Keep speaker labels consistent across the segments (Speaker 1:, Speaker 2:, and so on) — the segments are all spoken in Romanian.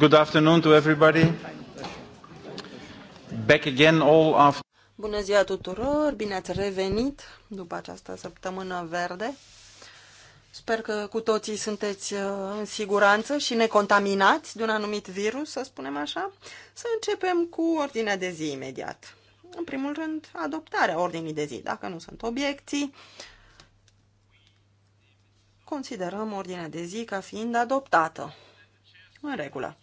Speaker 1: Good afternoon to everybody. Back again all after...
Speaker 2: Bună ziua tuturor, bine ați revenit după această săptămână verde. Sper că cu toții sunteți uh, în siguranță și necontaminați de un anumit virus, să spunem așa. Să începem cu ordinea de zi imediat. În primul rând, adoptarea ordinii de zi. Dacă nu sunt obiecții, considerăm ordinea de zi ca fiind adoptată. În regulă.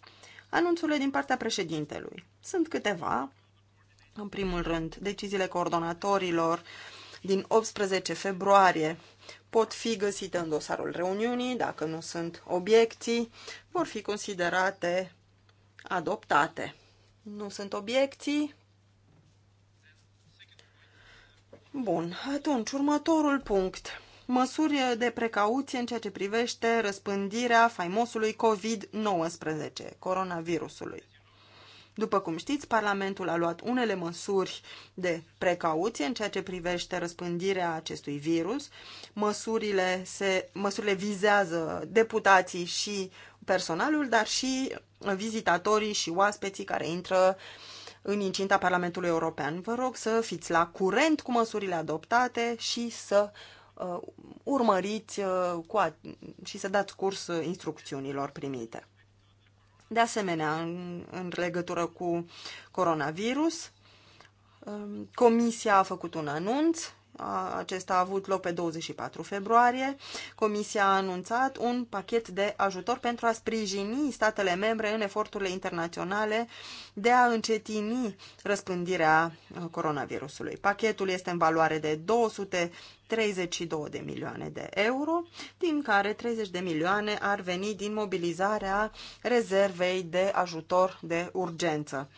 Speaker 2: Anunțurile din partea președintelui. Sunt câteva. În primul rând, deciziile coordonatorilor din 18 februarie pot fi găsite în dosarul reuniunii, dacă nu sunt obiecții, vor fi considerate adoptate. Nu sunt obiecții? Bun, atunci următorul punct măsuri de precauție în ceea ce privește răspândirea faimosului COVID-19, coronavirusului. După cum știți, Parlamentul a luat unele măsuri de precauție în ceea ce privește răspândirea acestui virus. Măsurile, se, măsurile vizează deputații și personalul, dar și vizitatorii și oaspeții care intră în incinta Parlamentului European. Vă rog să fiți la curent cu măsurile adoptate și să uh, urmăriți uh, cu a- și să dați curs instrucțiunilor primite. De asemenea, în, în legătură cu coronavirus, um, Comisia a făcut un anunț acesta a avut loc pe 24 februarie. Comisia a anunțat un pachet de ajutor pentru a sprijini statele membre în eforturile internaționale de a încetini răspândirea uh, coronavirusului. Pachetul este în valoare de 232 de milioane de euro, din care 30 de milioane ar veni din mobilizarea rezervei de ajutor de urgență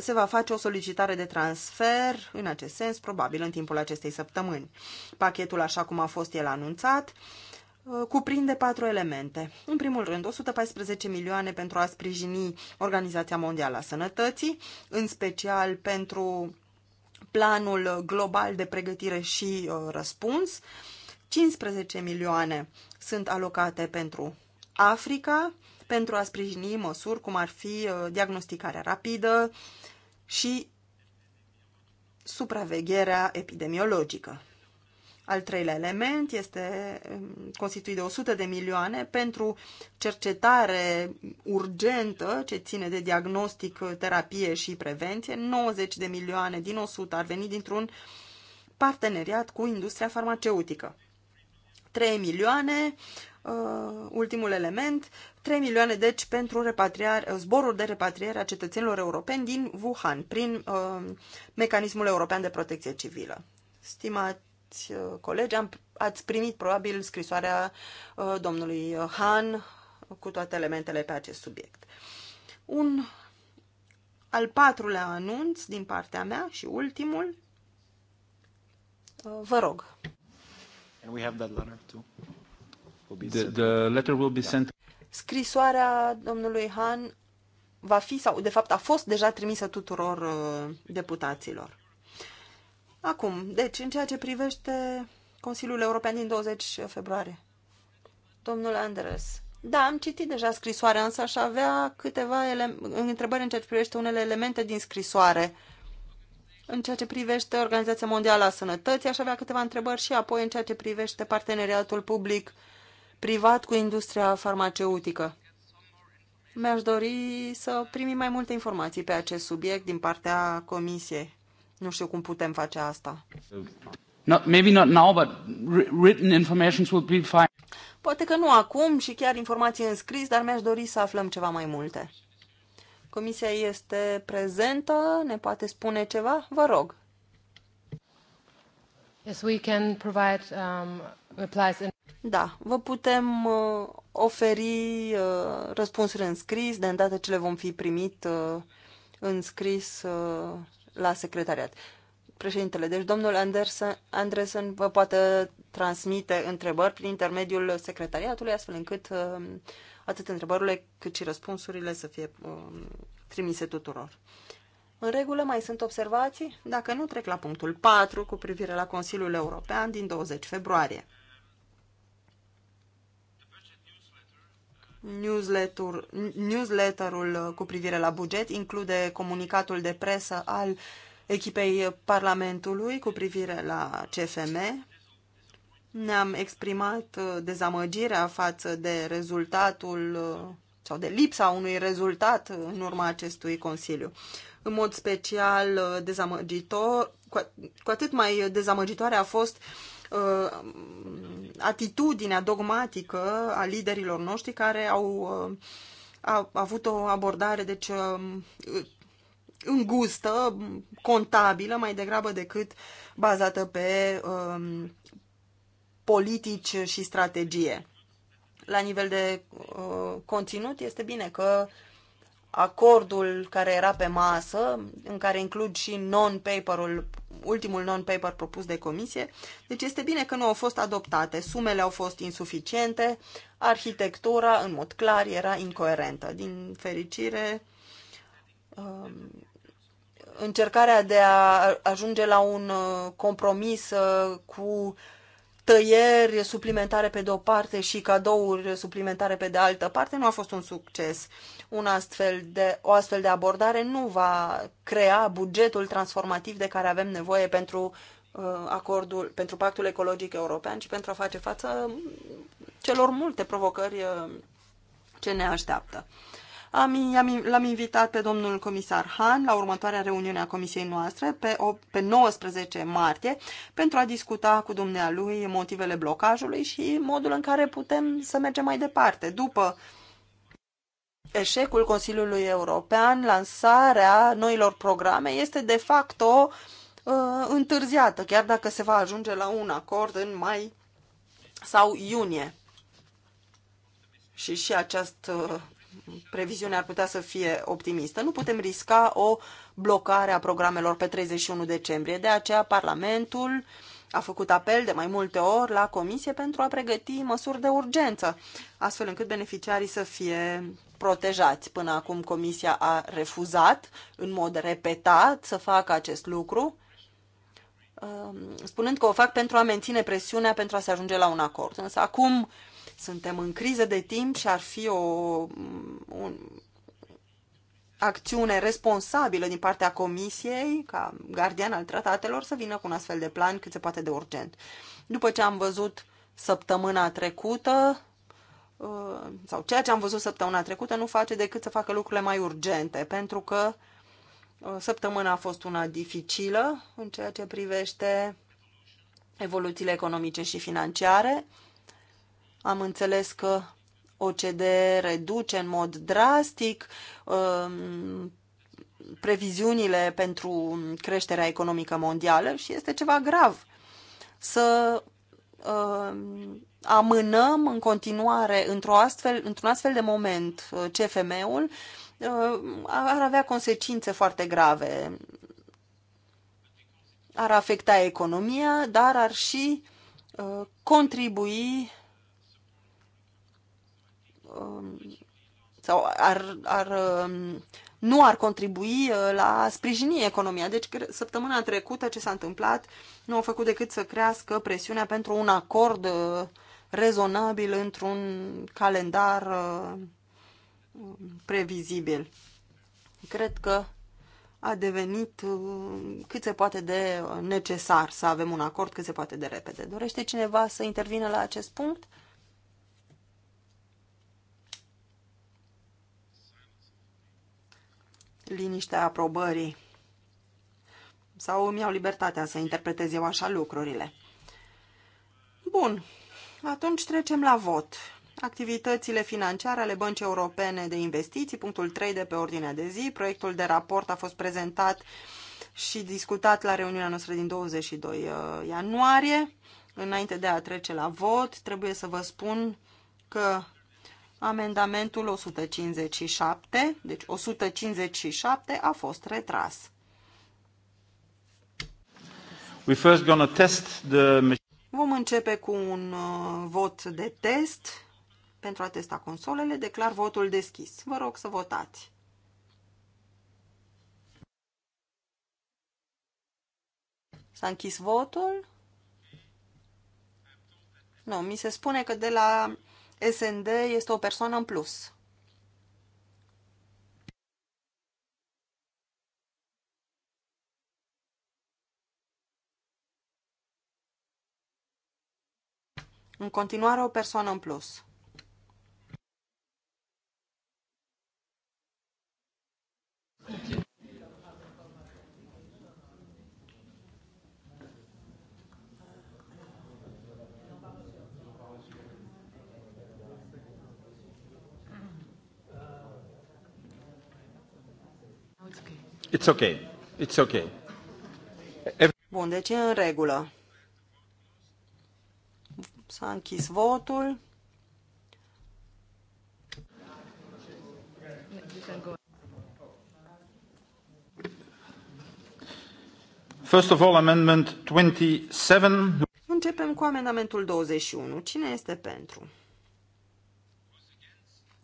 Speaker 2: se va face o solicitare de transfer în acest sens, probabil în timpul acestei săptămâni. Pachetul, așa cum a fost el anunțat, uh, cuprinde patru elemente. În primul rând, 114 milioane pentru a sprijini Organizația Mondială a Sănătății, în special pentru planul global de pregătire și uh, răspuns. 15 milioane sunt alocate pentru Africa, pentru a sprijini măsuri cum ar fi uh, diagnosticarea rapidă și supravegherea epidemiologică. Al treilea element este um, constituit de 100 de milioane pentru cercetare urgentă ce ține de diagnostic, uh, terapie și prevenție. 90 de milioane din 100 ar veni dintr-un parteneriat cu industria farmaceutică. 3 milioane, uh, ultimul element, 3 milioane deci pentru repatriare, uh, zboruri de repatriere a cetățenilor europeni din Wuhan prin uh, mecanismul european de protecție civilă. Stimați colegi, am, ați primit probabil scrisoarea domnului Han cu toate elementele pe acest subiect. Un al patrulea anunț din partea mea și ultimul. Vă rog.
Speaker 1: And we have that letter too. The, the letter will be sent.
Speaker 2: Scrisoarea domnului Han va fi, sau de fapt a fost deja trimisă tuturor uh, deputaților. Acum, deci, în ceea ce privește Consiliul European din 20 februarie. Domnul Andres. Da, am citit deja scrisoarea, însă aș avea câteva întrebări în ceea ce privește unele elemente din scrisoare. Uh, în ceea ce privește Organizația Mondială a Sănătății, aș avea câteva întrebări și apoi în ceea ce privește parteneriatul public-privat cu industria farmaceutică. Mi-aș dori să primim mai multe informații pe acest subiect din partea Comisiei. Nu știu cum putem face asta.
Speaker 1: Not, maybe not now, but written informations will be fine.
Speaker 2: Poate că nu acum și chiar informații în scris, dar mi-aș dori să aflăm ceva mai multe. Comisia este prezentă, ne poate spune ceva? Vă rog. Yes, we can provide um, replies in... Da, vă putem uh, oferi uh, răspunsuri în scris, de îndată ce le vom fi primit uh, în scris uh, la secretariat. Președintele, deci domnul Anderson, Anderson vă poate transmite întrebări prin intermediul secretariatului, astfel încât uh, atât întrebările cât și răspunsurile să fie um, trimise tuturor. În regulă mai sunt observații? Dacă nu, trec la punctul 4 cu privire la Consiliul European din 20 februarie. Newsletter, newsletterul cu privire la buget include comunicatul de presă al echipei Parlamentului cu privire la CFM, ne-am exprimat uh, dezamăgirea față de rezultatul uh, sau de lipsa unui rezultat uh, în urma acestui Consiliu. În mod special dezamăgitor, cu atât mai dezamăgitoare a fost uh, atitudinea dogmatică a liderilor noștri care au uh, a avut o abordare deci uh, îngustă, contabilă mai degrabă decât bazată pe uh, politici și strategie. La nivel de uh, conținut, este bine că acordul care era pe masă, în care includ și non-paperul, ultimul non-paper propus de comisie, deci este bine că nu au fost adoptate, sumele au fost insuficiente, arhitectura, în mod clar, era incoerentă. Din fericire, um, încercarea de a ajunge la un uh, compromis uh, cu tăieri suplimentare pe de-o parte și cadouri suplimentare pe de altă parte nu a fost un succes. Un astfel de, o astfel de abordare nu va crea bugetul transformativ de care avem nevoie pentru uh, acordul pentru pactul ecologic european și pentru a face față mm, celor multe provocări uh, ce ne așteaptă. Am, am, l-am invitat pe domnul comisar Han la următoarea reuniune a comisiei noastre pe, o, pe 19 martie pentru a discuta cu dumnealui motivele blocajului și modul în care putem să mergem mai departe. După eșecul Consiliului European, lansarea noilor programe este de o uh, întârziată, chiar dacă se va ajunge la un acord în mai sau iunie. Și și acest ă, previziunea ar putea să fie optimistă. Nu putem risca o blocare a programelor pe 31 decembrie. De aceea, Parlamentul a făcut apel de mai multe ori la Comisie pentru a pregăti măsuri de urgență, astfel încât beneficiarii să fie protejați. Până acum, Comisia a refuzat în mod repetat să facă acest lucru ă, spunând că o fac pentru a menține presiunea pentru a se ajunge la un acord. Însă acum suntem în criză de timp și ar fi o un, acțiune responsabilă din partea Comisiei, ca gardian al tratatelor, să vină cu un astfel de plan cât se poate de urgent. După ce am văzut săptămâna trecută, uh, sau ceea ce am văzut săptămâna trecută, nu face decât să facă lucrurile mai urgente, pentru că uh, săptămâna a fost una dificilă în ceea ce privește evoluțiile economice și financiare. Am înțeles că OCD reduce în mod drastic um, previziunile pentru creșterea economică mondială și este ceva grav. Să uh, amânăm în continuare într-un astfel, într astfel de moment uh, CFM-ul uh, ar avea consecințe foarte grave. Ar afecta economia, dar ar și uh, contribui Um, sau ar, ar, um, nu ar contribui uh, la sprijini economia. Deci, săptămâna trecută, ce s-a întâmplat, nu a făcut decât să crească presiunea pentru un acord uh, rezonabil într-un calendar uh, previzibil. Cred că a devenit cât se poate de necesar să avem un acord cât se poate de repede. Dorește cineva să intervină la acest punct? liniștea aprobării. Sau îmi iau libertatea să interpretez eu așa lucrurile. Bun, atunci trecem la vot. Activitățile financiare ale Băncii Europene de Investiții, punctul 3 de pe ordinea de zi. Proiectul de raport a fost prezentat și discutat la reuniunea noastră din 22 uh, ianuarie. Înainte de a trece la vot, trebuie să vă spun că Amendamentul 157, deci 157 a fost retras.
Speaker 1: We first gonna test the...
Speaker 2: Vom începe cu un uh, vot de test pentru a testa consolele. Declar votul deschis. Vă rog să votați. S-a închis votul. Nu, mi se spune că de la SND este o persoană în plus. În continuare, o persoană în plus. It's okay. It's okay. Bun, deci e în regulă. S-a închis votul.
Speaker 3: First of all, amendment 27.
Speaker 2: Începem cu amendamentul 21. Cine este pentru?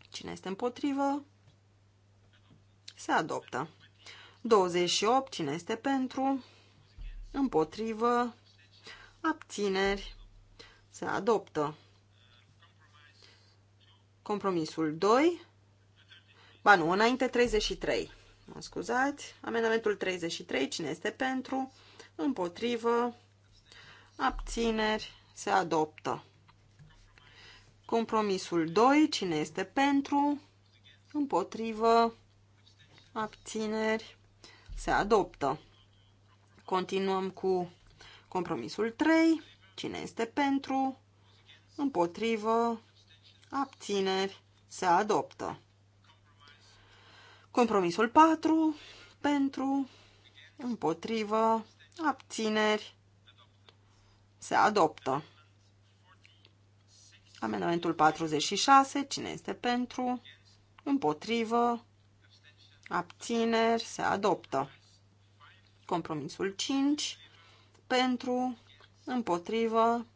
Speaker 2: Cine este împotrivă? Se adoptă. 28. Cine este pentru? Împotrivă. Abțineri. Se adoptă. Compromisul 2. Ba nu, înainte 33. Mă scuzați. Amendamentul 33. Cine este pentru? Împotrivă. Abțineri. Se adoptă. Compromisul 2. Cine este pentru? Împotrivă. Abțineri se adoptă. Continuăm cu compromisul 3. Cine este pentru? Împotrivă? Abțineri? Se adoptă. Compromisul 4. Pentru? Împotrivă? Abțineri? Se adoptă. Amendamentul 46. Cine este pentru? Împotrivă? abțineri, se adoptă. Compromisul 5, pentru, împotrivă,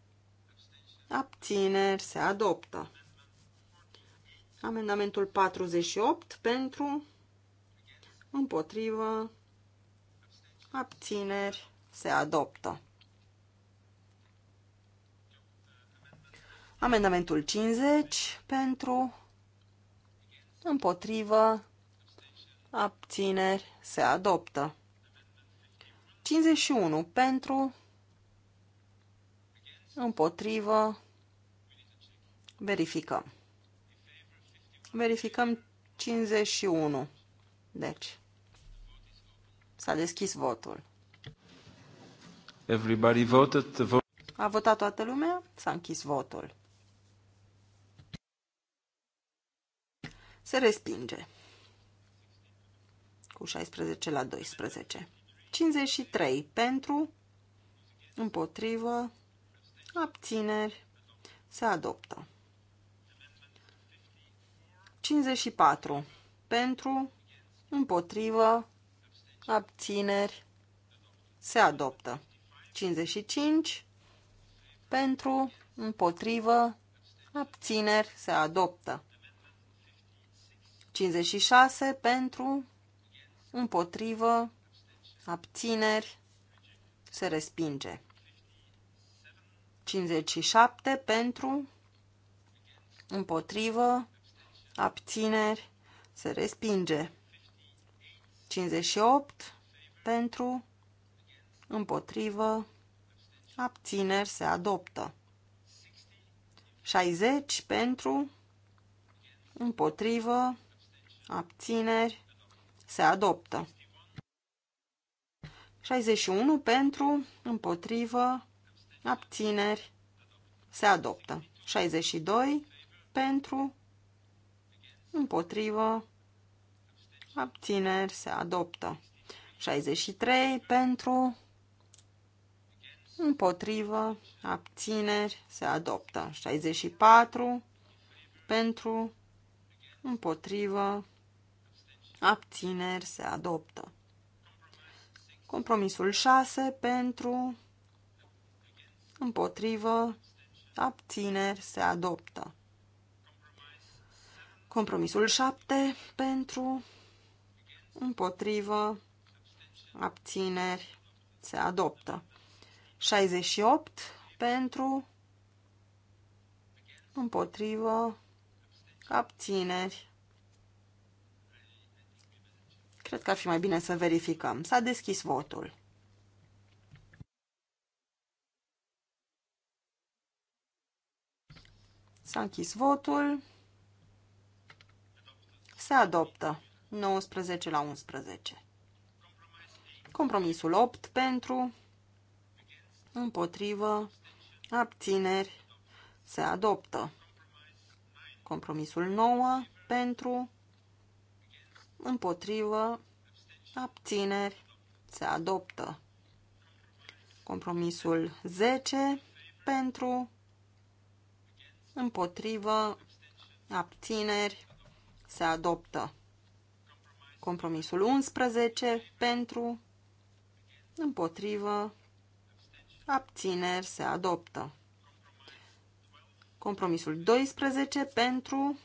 Speaker 2: abțineri, se adoptă. Amendamentul 48, pentru, împotrivă, abțineri, se adoptă. Amendamentul 50 pentru, împotrivă, abțineri, se adoptă. 51 pentru, împotrivă, verificăm. Verificăm 51. Deci, s-a deschis votul.
Speaker 3: Everybody voted the vote.
Speaker 2: A votat toată lumea? S-a închis votul. Se respinge cu 16 la 12. 53 pentru, împotrivă, abțineri, se adoptă. 54 pentru, împotrivă, abțineri, se adoptă. 55 pentru, împotrivă, abțineri, se adoptă. 56 pentru, împotrivă, abțineri, se respinge. 57 pentru, împotrivă, abțineri, se respinge. 58 pentru, împotrivă, abțineri, se adoptă. 60 pentru, împotrivă, abțineri, se adoptă. 61 pentru, împotrivă, abțineri, se adoptă. 62 pentru, împotrivă, abțineri, se adoptă. 63 pentru, împotrivă, abțineri, se adoptă. 64 pentru, împotrivă, abțineri se adoptă. Compromisul 6 pentru, împotrivă, abțineri se adoptă. Compromisul 7 pentru, împotrivă, abțineri se adoptă. 68 pentru, împotrivă, abțineri Cred că ar fi mai bine să verificăm. S-a deschis votul. S-a închis votul. Se adoptă 19 la 11. Compromisul 8 pentru, împotrivă, abțineri, se adoptă. Compromisul 9 pentru, împotrivă, abțineri, se adoptă. Compromisul 10 pentru, împotrivă, abțineri, se adoptă. Compromisul 11 pentru, împotrivă, abțineri, se adoptă. Compromisul 12 pentru,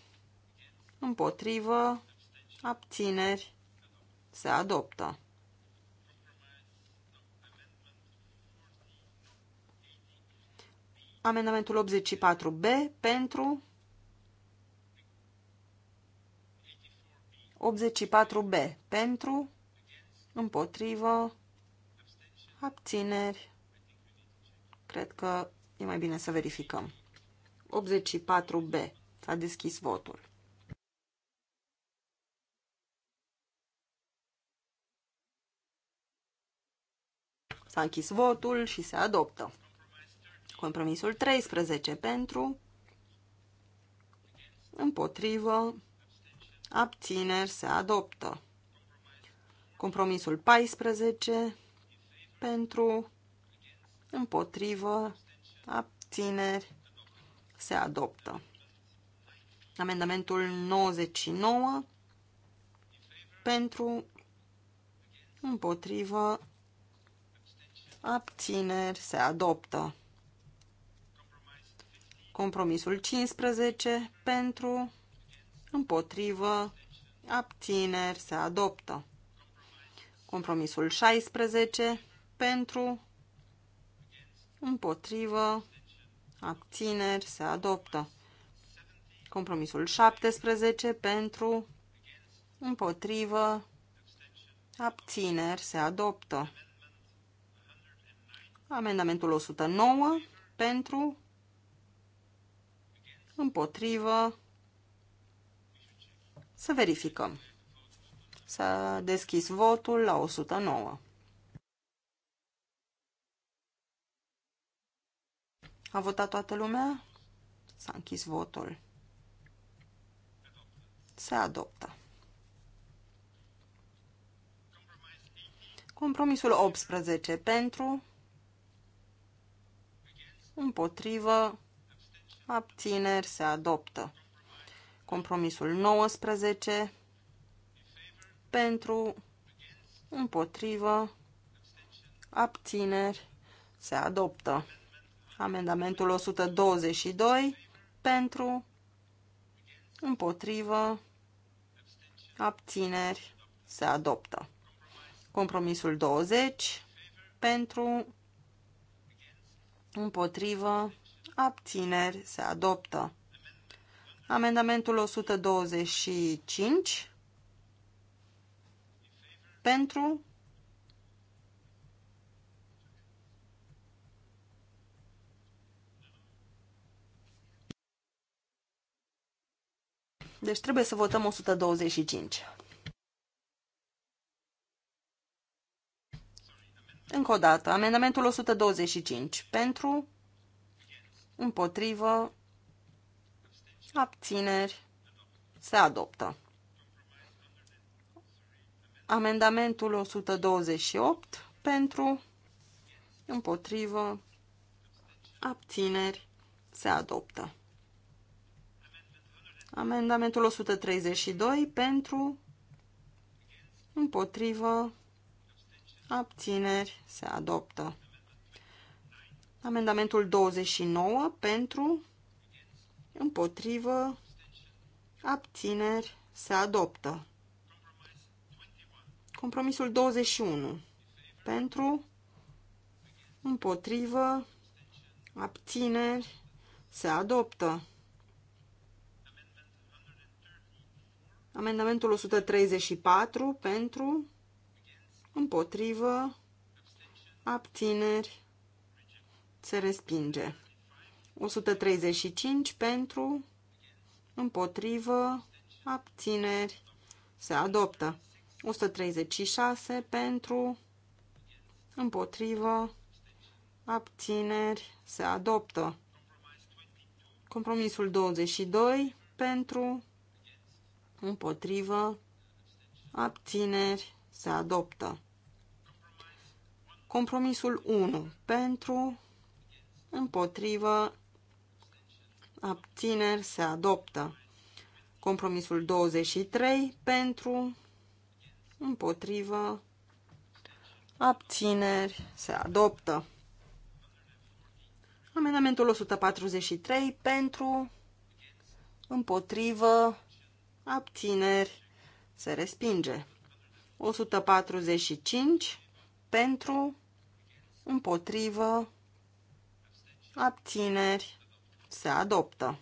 Speaker 2: împotrivă, abțineri, se adoptă. Amendamentul 84B pentru 84B pentru, împotrivă, abțineri. Cred că e mai bine să verificăm. 84B. S-a deschis votul. S-a închis votul și se adoptă. Compromisul 13 pentru, împotrivă, abțineri, se adoptă. Compromisul 14 pentru, împotrivă, abțineri, se adoptă. Amendamentul 99 pentru, împotrivă, abțineri, se adoptă. Compromisul 15 pentru, împotrivă, abțineri, se adoptă. Compromisul 16 pentru, împotrivă, abțineri, se adoptă. Compromisul 17 pentru, împotrivă, abțineri, se adoptă. Amendamentul 109 pentru, împotrivă, să verificăm. S-a deschis votul la 109. A votat toată lumea? S-a închis votul. Se adoptă. Compromisul 18 pentru, împotrivă, abțineri se adoptă. Compromisul 19 pentru, împotrivă, abțineri se adoptă. Amendamentul 122 pentru, împotrivă, abțineri se adoptă. Compromisul 20 pentru, împotrivă, abțineri, se adoptă. Amendamentul 125 pentru Deci trebuie să votăm 125. Încă o dată, amendamentul 125 pentru, împotrivă, abțineri, se adoptă. Amendamentul 128 pentru, împotrivă, abțineri, se adoptă. Amendamentul 132 pentru, împotrivă, abțineri abțineri, se adoptă. Amendamentul 29 pentru, împotrivă, abțineri, se adoptă. Compromisul 21 pentru, împotrivă, abțineri, se adoptă. Amendamentul 134 pentru, împotrivă, abțineri, se respinge. 135 pentru, împotrivă, abțineri, se adoptă. 136 pentru, împotrivă, abțineri, se adoptă. Compromisul 22 pentru, împotrivă, abțineri, se adoptă. Compromisul 1 pentru, împotrivă, abțineri se adoptă. Compromisul 23 pentru, împotrivă, abțineri se adoptă. Amendamentul 143 pentru, împotrivă, abțineri se respinge. 145 pentru, împotrivă, abțineri, se adoptă.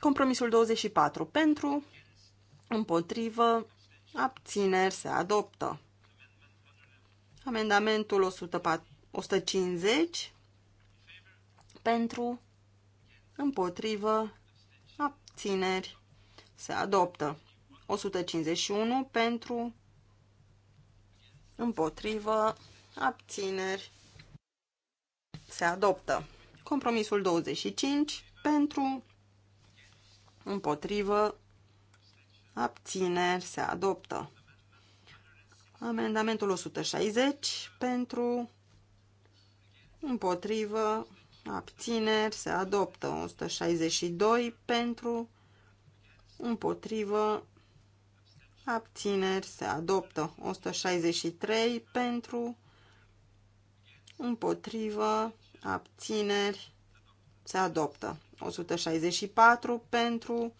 Speaker 2: Compromisul 24 pentru, împotrivă, abțineri, se adoptă. Amendamentul 104, 150 pentru, împotrivă, abțineri, se adoptă. 151 pentru, împotrivă, abțineri, se adoptă. Compromisul 25 pentru, împotrivă, abțineri, se adoptă. Amendamentul 160 pentru, împotrivă, abțineri, se adoptă. 162 pentru, împotrivă, abțineri se adoptă. 163 pentru, împotrivă, abțineri se adoptă. 164 pentru,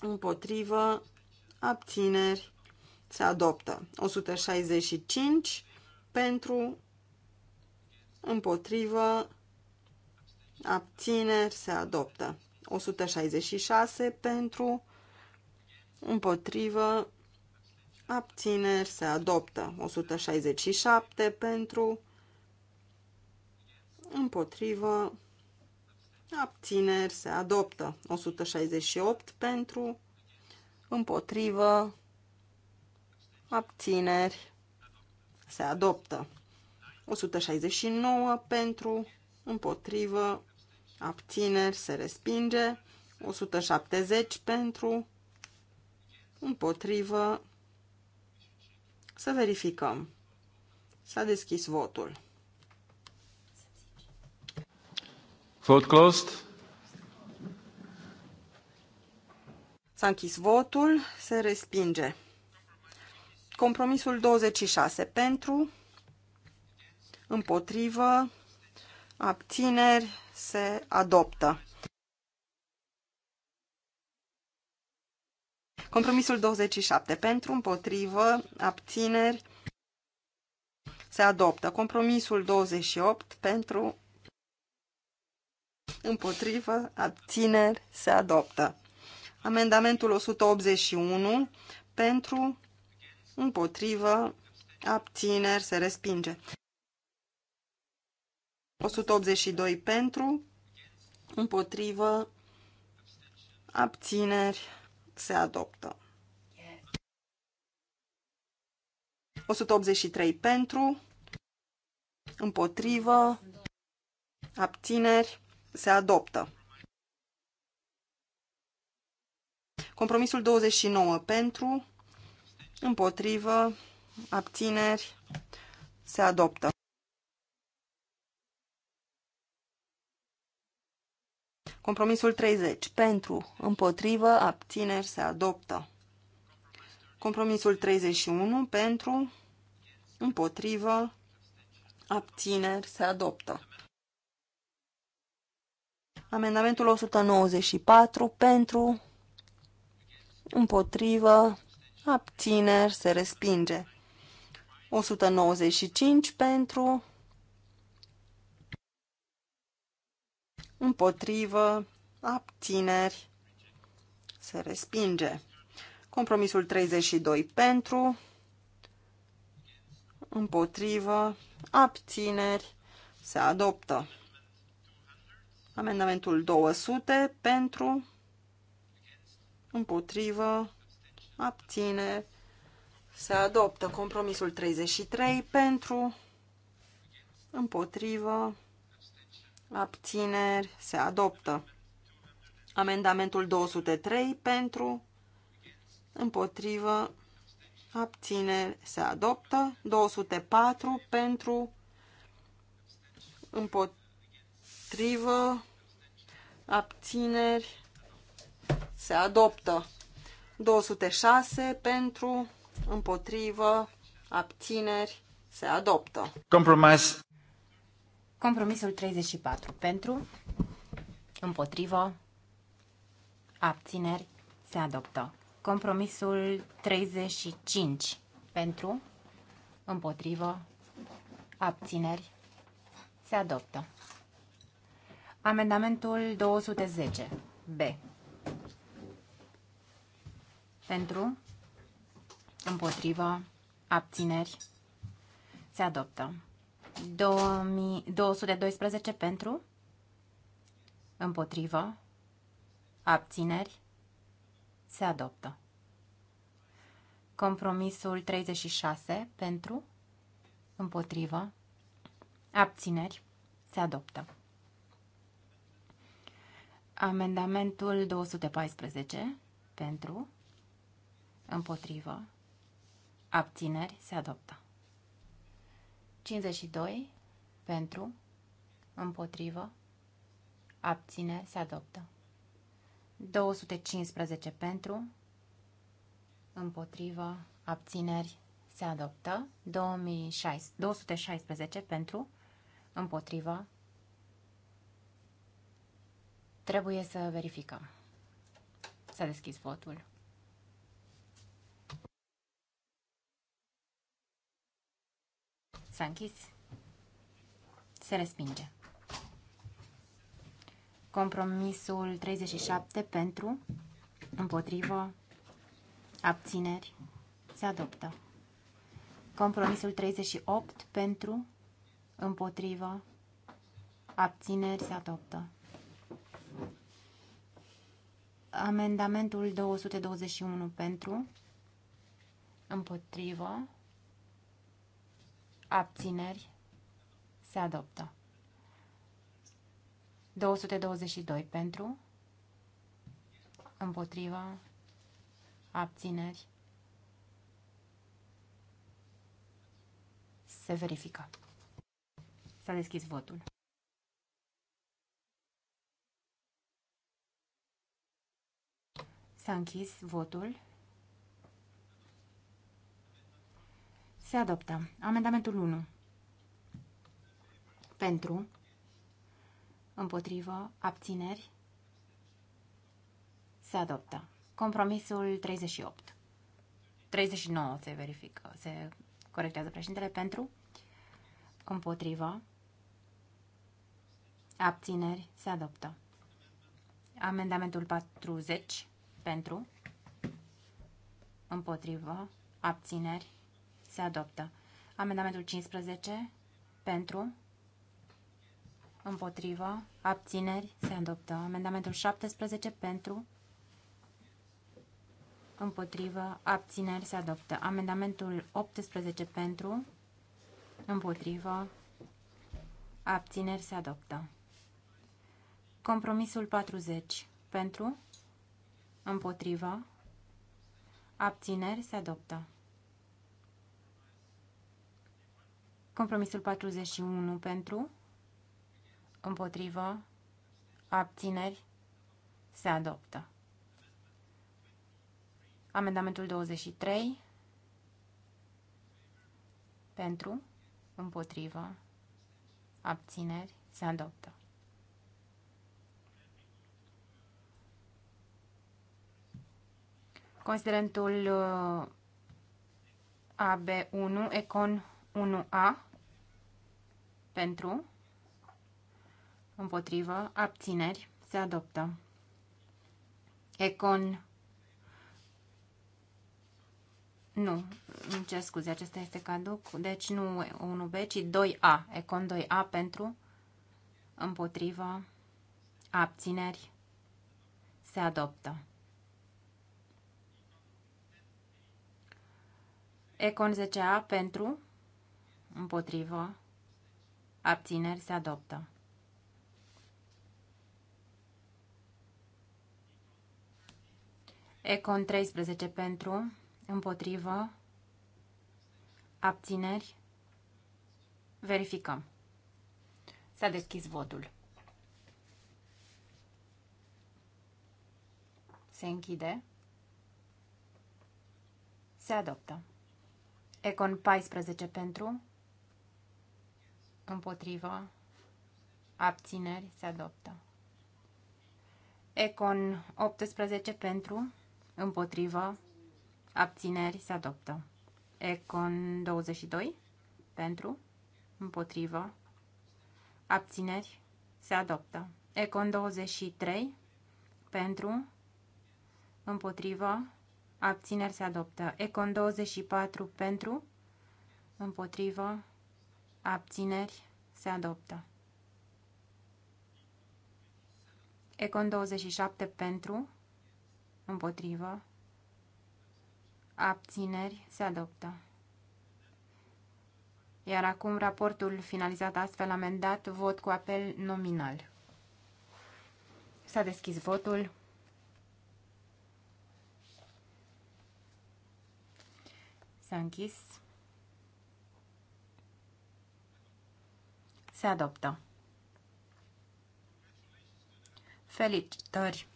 Speaker 2: împotrivă, abțineri se adoptă. 165 pentru, împotrivă, abțineri se adoptă. 166 pentru, împotrivă, abțineri, se adoptă. 167 pentru, împotrivă, abțineri, se adoptă. 168 pentru, împotrivă, abțineri, se adoptă. 169 pentru, împotrivă, abțineri, se respinge. 170 pentru, împotrivă, să verificăm. S-a deschis votul.
Speaker 1: Vote closed.
Speaker 2: S-a închis votul, se respinge. Compromisul 26 pentru, împotrivă, abțineri, se adoptă. Compromisul 27. Pentru, împotrivă, abțineri, se adoptă. Compromisul 28. Pentru, împotrivă, abțineri, se adoptă. Amendamentul 181. Pentru, împotrivă, abțineri, se respinge. 182 pentru, împotrivă, abțineri, se adoptă. 183 pentru, împotrivă, abțineri, se adoptă. Compromisul 29 pentru, împotrivă, abțineri, se adoptă. Compromisul 30. Pentru, împotrivă, abțineri se adoptă. Compromisul 31. Pentru, împotrivă, abțineri se adoptă. Amendamentul 194. Pentru, împotrivă, abțineri se respinge. 195 pentru, împotrivă, abțineri, se respinge. Compromisul 32 pentru, împotrivă, abțineri, se adoptă. Amendamentul 200 pentru, împotrivă, abține, se adoptă. Compromisul 33 pentru, împotrivă, abțineri, se adoptă. Amendamentul 203 pentru, împotrivă, abțineri, se adoptă. 204 pentru, împotrivă, abțineri, se adoptă. 206 pentru, împotrivă, abțineri, se adoptă.
Speaker 1: Compromise. Compromisul 34 pentru, împotrivă, abțineri, se adoptă. Compromisul 35 pentru, împotrivă, abțineri, se adoptă. Amendamentul 210 B pentru, împotrivă, abțineri, se adoptă. 212 pentru, împotrivă, abțineri, se adoptă. Compromisul 36 pentru, împotrivă, abțineri, se adoptă. Amendamentul 214 pentru, împotrivă, abțineri, se adoptă. 52 pentru, împotrivă, abține se adoptă. 215 pentru, împotrivă, abțineri se adoptă. 2016, 216 pentru, împotrivă, trebuie să verificăm. S-a deschis votul. S-a închis. Se respinge. Compromisul 37 pentru, împotrivă, abțineri, se adoptă. Compromisul 38 pentru, împotrivă, abțineri, se adoptă. Amendamentul 221 pentru, împotrivă, abțineri, se adoptă. 222 pentru, împotriva, abțineri, se verifică. S-a deschis votul. S-a închis votul. Se adoptă. Amendamentul 1. Pentru. Împotrivă. Abțineri. Se adoptă. Compromisul 38. 39 se verifică. Se corectează președintele pentru. Împotrivă. Abțineri. Se adoptă. Amendamentul 40. Pentru. Împotrivă. Abțineri. Se adoptă. Amendamentul 15. Pentru. Împotrivă. Abțineri. Se adoptă. Amendamentul 17. Pentru. Împotrivă. Abțineri. Se adoptă. Amendamentul 18. Pentru. Împotrivă. Abțineri. Se adoptă. Compromisul 40. Pentru. Împotrivă. Abțineri. Se adoptă. Compromisul 41 pentru, împotrivă, abțineri, se adoptă. Amendamentul 23 pentru, împotrivă, abțineri, se adoptă. Considerentul uh, AB1, Econ 1A pentru, împotrivă, abțineri, se adoptă. Econ nu, ce scuze, acesta este caduc. Deci nu 1B, ci 2A. Econ 2A pentru, împotrivă, abțineri, se adoptă. Econ 10A pentru, Împotrivă. Abțineri se adoptă. Econ 13 pentru, împotrivă, abțineri, verificăm. S-a deschis votul. Se închide. Se adoptă. Econ 14 pentru, împotrivă, abțineri, se adoptă. Econ 18 pentru, împotrivă, abțineri, se adoptă. Econ 22 pentru, împotrivă, abțineri, se adoptă. Econ 23 pentru, împotrivă, abțineri se adoptă. Econ 24 pentru, împotrivă, abțineri, se adoptă. Econ 27 pentru, împotrivă, abțineri, se adoptă. Iar acum raportul finalizat astfel amendat, vot cu apel nominal. S-a deschis votul. S-a închis. Se adoptă. Felicitări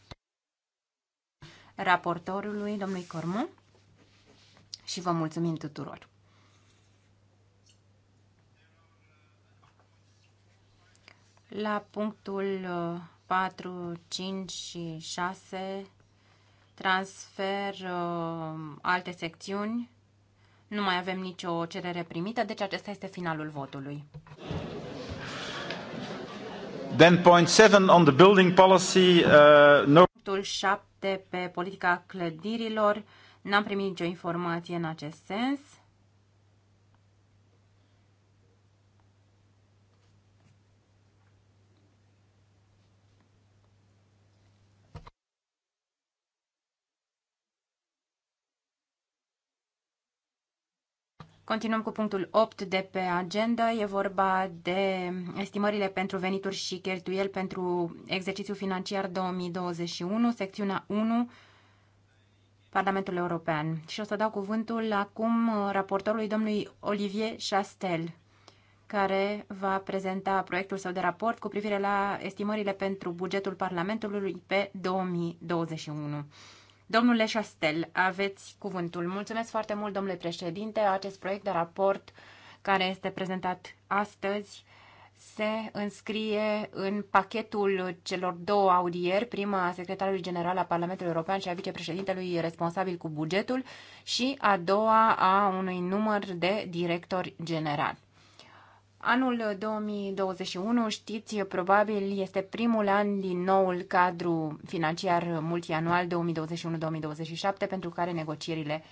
Speaker 1: raportorului, domnului Cormu, și vă mulțumim tuturor. La punctul 4, uh, 5 și 6 transfer uh, alte secțiuni. Nu mai avem nicio cerere primită, deci acesta este finalul votului.
Speaker 2: Then point seven on the building policy. Uh,
Speaker 3: no...
Speaker 1: Punctul 7 pe politica clădirilor. N-am primit nicio informație în acest sens. Continuăm cu punctul 8 de pe agenda. E vorba de estimările pentru venituri și cheltuieli pentru exercițiul financiar 2021, secțiunea 1, Parlamentul European. Și o să dau cuvântul acum raportorului domnului Olivier Chastel, care va prezenta proiectul său de raport cu privire la estimările pentru bugetul Parlamentului pe 2021. Domnule Șastel, aveți cuvântul. Mulțumesc foarte mult, domnule președinte. Acest proiect de raport care este prezentat astăzi se înscrie în pachetul celor două audieri, prima a secretarului general a Parlamentului European și a vicepreședintelui responsabil cu bugetul și a doua a unui număr de directori generali. Anul 2021, știți, probabil este primul an din noul cadru financiar multianual 2021-2027 pentru care negocierile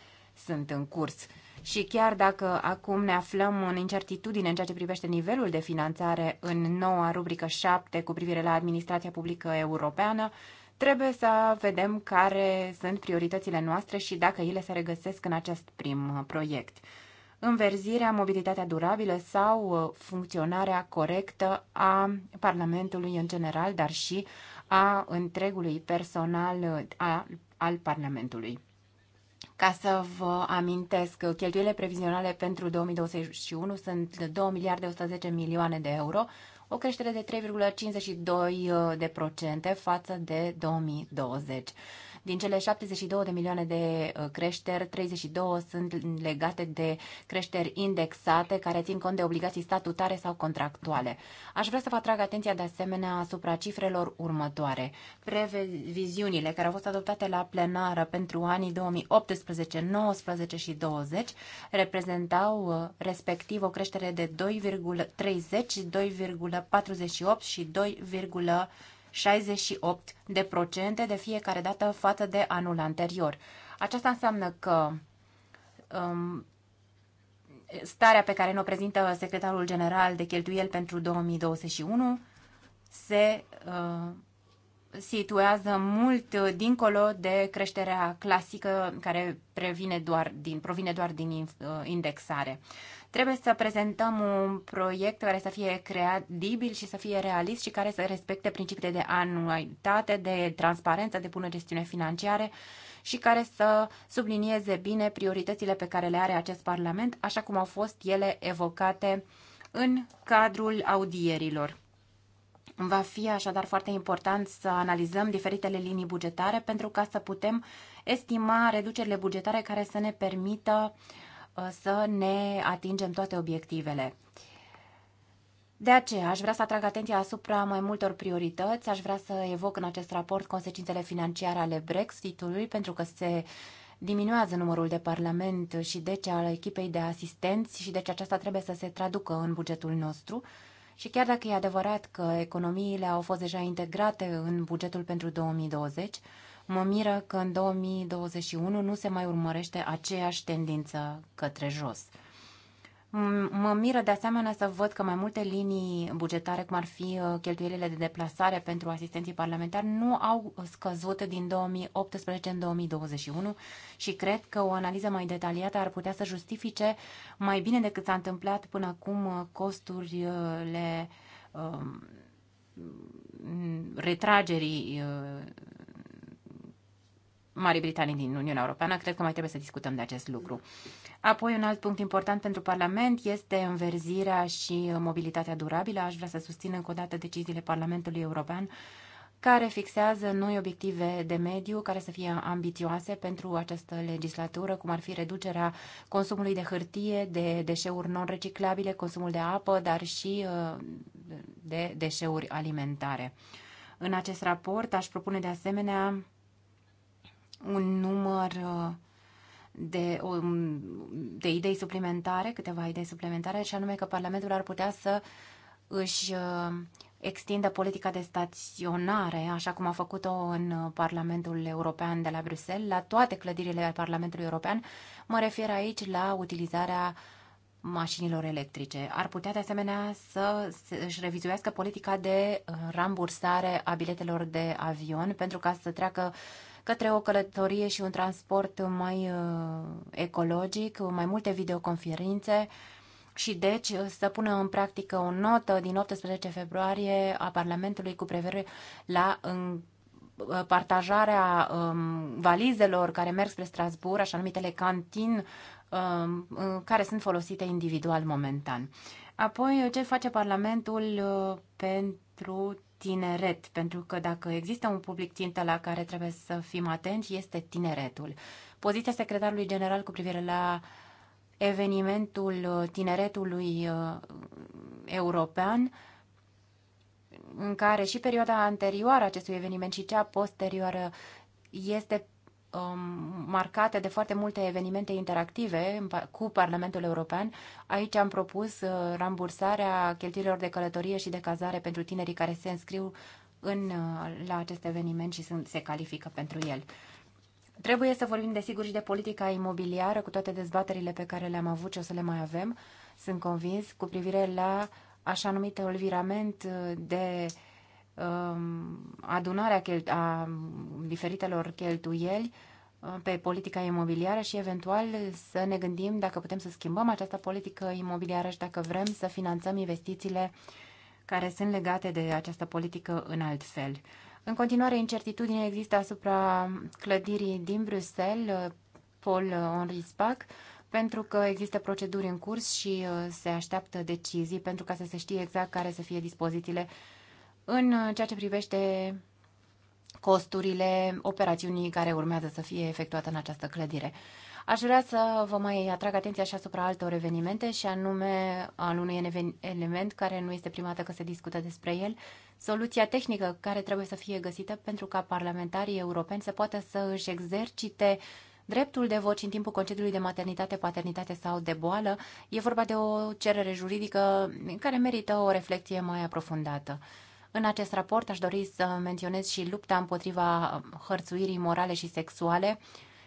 Speaker 1: sunt în curs. Și chiar dacă acum ne aflăm în incertitudine în ceea ce privește nivelul de finanțare în noua rubrică 7 cu privire la administrația publică europeană, trebuie să vedem care sunt prioritățile noastre și dacă ele se regăsesc în acest prim proiect înverzirea, mobilitatea durabilă sau uh, funcționarea corectă a Parlamentului în general, dar și a întregului personal uh, a, al Parlamentului. Ca să vă amintesc, cheltuielile previzionale pentru 2021 sunt 2 miliarde 110 milioane de euro, o creștere de 3,52% uh, față de 2020. Din cele 72 de milioane de uh, creșteri, 32 sunt legate de creșteri indexate care țin cont de obligații statutare sau contractuale. Aș vrea să vă atrag atenția de asemenea asupra cifrelor următoare. Previziunile care au fost adoptate la plenară pentru anii 2018, 19 și 20 reprezentau uh, respectiv o creștere de 2,30, 2,48 și 2, 68% de fiecare dată față de anul anterior. Aceasta înseamnă că um, starea pe care ne-o prezintă secretarul general de cheltuieli pentru 2021 se uh, situează mult dincolo de creșterea clasică care previne doar din, provine doar din uh, indexare. Trebuie să prezentăm un proiect care să fie credibil și să fie realist și care să respecte principiile de anualitate, de transparență, de bună gestiune financiare și care să sublinieze bine prioritățile pe care le are acest Parlament, așa cum au fost ele evocate în cadrul audierilor. Va fi așadar foarte important să analizăm diferitele linii bugetare pentru ca să putem estima reducerile bugetare care să ne permită uh, să ne atingem toate obiectivele. De aceea, aș vrea să atrag atenția asupra mai multor priorități, aș vrea să evoc în acest raport consecințele financiare ale Brexitului, pentru că se diminuează numărul de parlament și deci al echipei de asistenți și deci aceasta trebuie să se traducă în bugetul nostru. Și chiar dacă e adevărat că economiile au fost deja integrate în bugetul pentru 2020, Mă miră că în 2021 nu se mai urmărește aceeași tendință către jos. Mă miră de asemenea să văd că mai multe linii bugetare, cum ar fi uh, cheltuielile de deplasare pentru asistenții parlamentari, nu au scăzut din 2018 în 2021 și cred că o analiză mai detaliată ar putea să justifice mai bine decât s-a întâmplat până acum uh, costurile um, retragerii uh, Marii Britanii din Uniunea Europeană. Cred că mai trebuie să discutăm de acest lucru. Apoi, un alt punct important pentru Parlament este înverzirea și mobilitatea durabilă. Aș vrea să susțin încă o dată deciziile Parlamentului European care fixează noi obiective de mediu care să fie ambițioase pentru această legislatură, cum ar fi reducerea consumului de hârtie, de deșeuri non-reciclabile, consumul de apă, dar și uh, de deșeuri alimentare. În acest raport aș propune de asemenea un număr uh, de, um, de idei suplimentare, câteva idei suplimentare, și anume că Parlamentul ar putea să își uh, extindă politica de staționare, așa cum a făcut-o în Parlamentul European de la Bruxelles, la toate clădirile Parlamentului European. Mă refer aici la utilizarea mașinilor electrice. Ar putea de asemenea să își revizuiască politica de uh, rambursare a biletelor de avion pentru ca să treacă uh, către o călătorie și un transport mai uh, ecologic, mai multe videoconferințe și deci uh, să pună în practică o notă din 18 februarie a Parlamentului cu privire la uh, partajarea um, valizelor care merg spre Strasbourg, așa numitele cantin, um, care sunt folosite individual momentan. Apoi, ce face Parlamentul uh, pentru pentru tineret, pentru că dacă există un public țintă la care trebuie să fim atenți, este tineretul. Poziția secretarului general cu privire la evenimentul tineretului uh, european, în care și perioada anterioară acestui eveniment și cea posterioară este Um, marcate de foarte multe evenimente interactive cu Parlamentul European. Aici am propus uh, rambursarea cheltuielor de călătorie și de cazare pentru tinerii care se înscriu în, uh, la acest eveniment și sunt, se califică pentru el. Trebuie să vorbim, desigur, și de politica imobiliară, cu toate dezbaterile pe care le-am avut și o să le mai avem, sunt convins, cu privire la așa numitul virament uh, de um, adunarea a diferitelor cheltuieli pe politica imobiliară și eventual să ne gândim dacă putem să schimbăm această politică imobiliară și dacă vrem să finanțăm investițiile care sunt legate de această politică în alt fel. În continuare, incertitudine există asupra clădirii din Bruxelles, Paul Henri Spac, pentru că există proceduri în curs și uh, se așteaptă decizii pentru ca să se știe exact care să fie dispozițiile în uh, ceea ce privește costurile operațiunii care urmează să fie efectuată în această clădire. Aș vrea să vă mai atrag atenția și asupra altor evenimente și anume al unui element care nu este prima dată că se discută despre el, soluția tehnică care trebuie să fie găsită pentru ca parlamentarii europeni să poată să își exercite dreptul de voci în timpul concediului de maternitate, paternitate sau de boală. E vorba de o cerere juridică care merită o reflecție mai aprofundată. În acest raport aș dori să menționez și lupta împotriva hărțuirii morale și sexuale,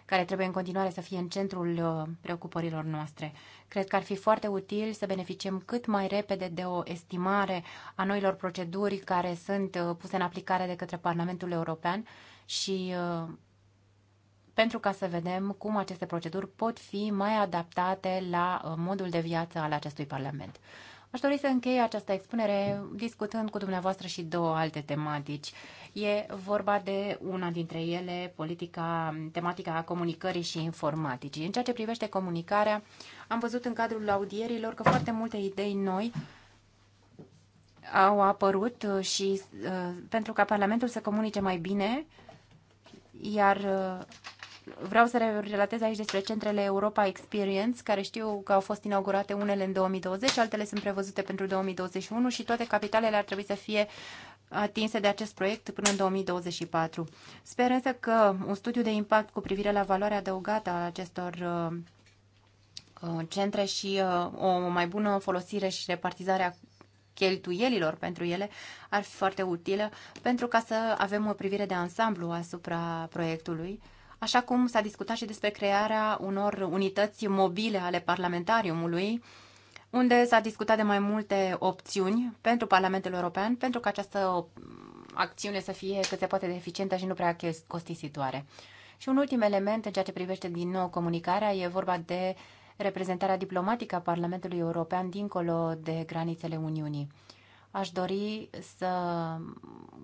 Speaker 1: care trebuie în continuare să fie în centrul uh, preocupărilor noastre. Cred că ar fi foarte util să beneficiem cât mai repede de o estimare a noilor proceduri care sunt uh, puse în aplicare de către Parlamentul European și uh, pentru ca să vedem cum aceste proceduri pot fi mai adaptate la modul de viață al acestui Parlament. Aș dori să închei această expunere discutând cu dumneavoastră și două alte tematici. E vorba de una dintre ele, politica, tematica a comunicării și informaticii. În ceea ce privește comunicarea, am văzut în cadrul audierilor că foarte multe idei noi au apărut uh, și uh, pentru ca Parlamentul să comunice mai bine, iar uh, vreau să relatez aici despre centrele Europa Experience, care știu că au fost inaugurate unele în 2020, altele sunt prevăzute pentru 2021 și toate capitalele ar trebui să fie atinse de acest proiect până în 2024. Sper însă că un studiu de impact cu privire la valoarea adăugată a acestor uh, uh, centre și uh, o mai bună folosire și repartizare a cheltuielilor pentru ele ar fi foarte utilă pentru ca să avem o privire de ansamblu asupra proiectului așa cum s-a discutat și despre crearea unor unități mobile ale parlamentariumului, unde s-a discutat de mai multe opțiuni pentru Parlamentul European, pentru că această acțiune să fie cât se poate de eficientă și nu prea costisitoare. Și un ultim element în ceea ce privește din nou comunicarea e vorba de reprezentarea diplomatică a Parlamentului European dincolo de granițele Uniunii. Aș dori să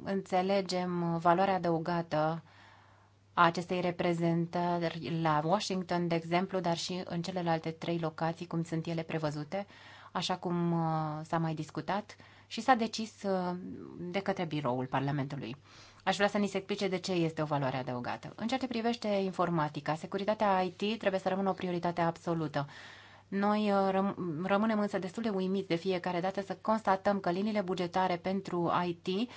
Speaker 1: înțelegem valoarea adăugată a acestei reprezentări la Washington, de exemplu, dar și în celelalte trei locații, cum sunt ele prevăzute, așa cum uh, s-a mai discutat și s-a decis uh, de către biroul Parlamentului. Aș vrea să ni se explice de ce este o valoare adăugată. În ceea ce privește informatica, securitatea IT trebuie să rămână o prioritate absolută. Noi uh, răm- rămânem însă destul de uimiți de fiecare dată să constatăm că liniile bugetare pentru IT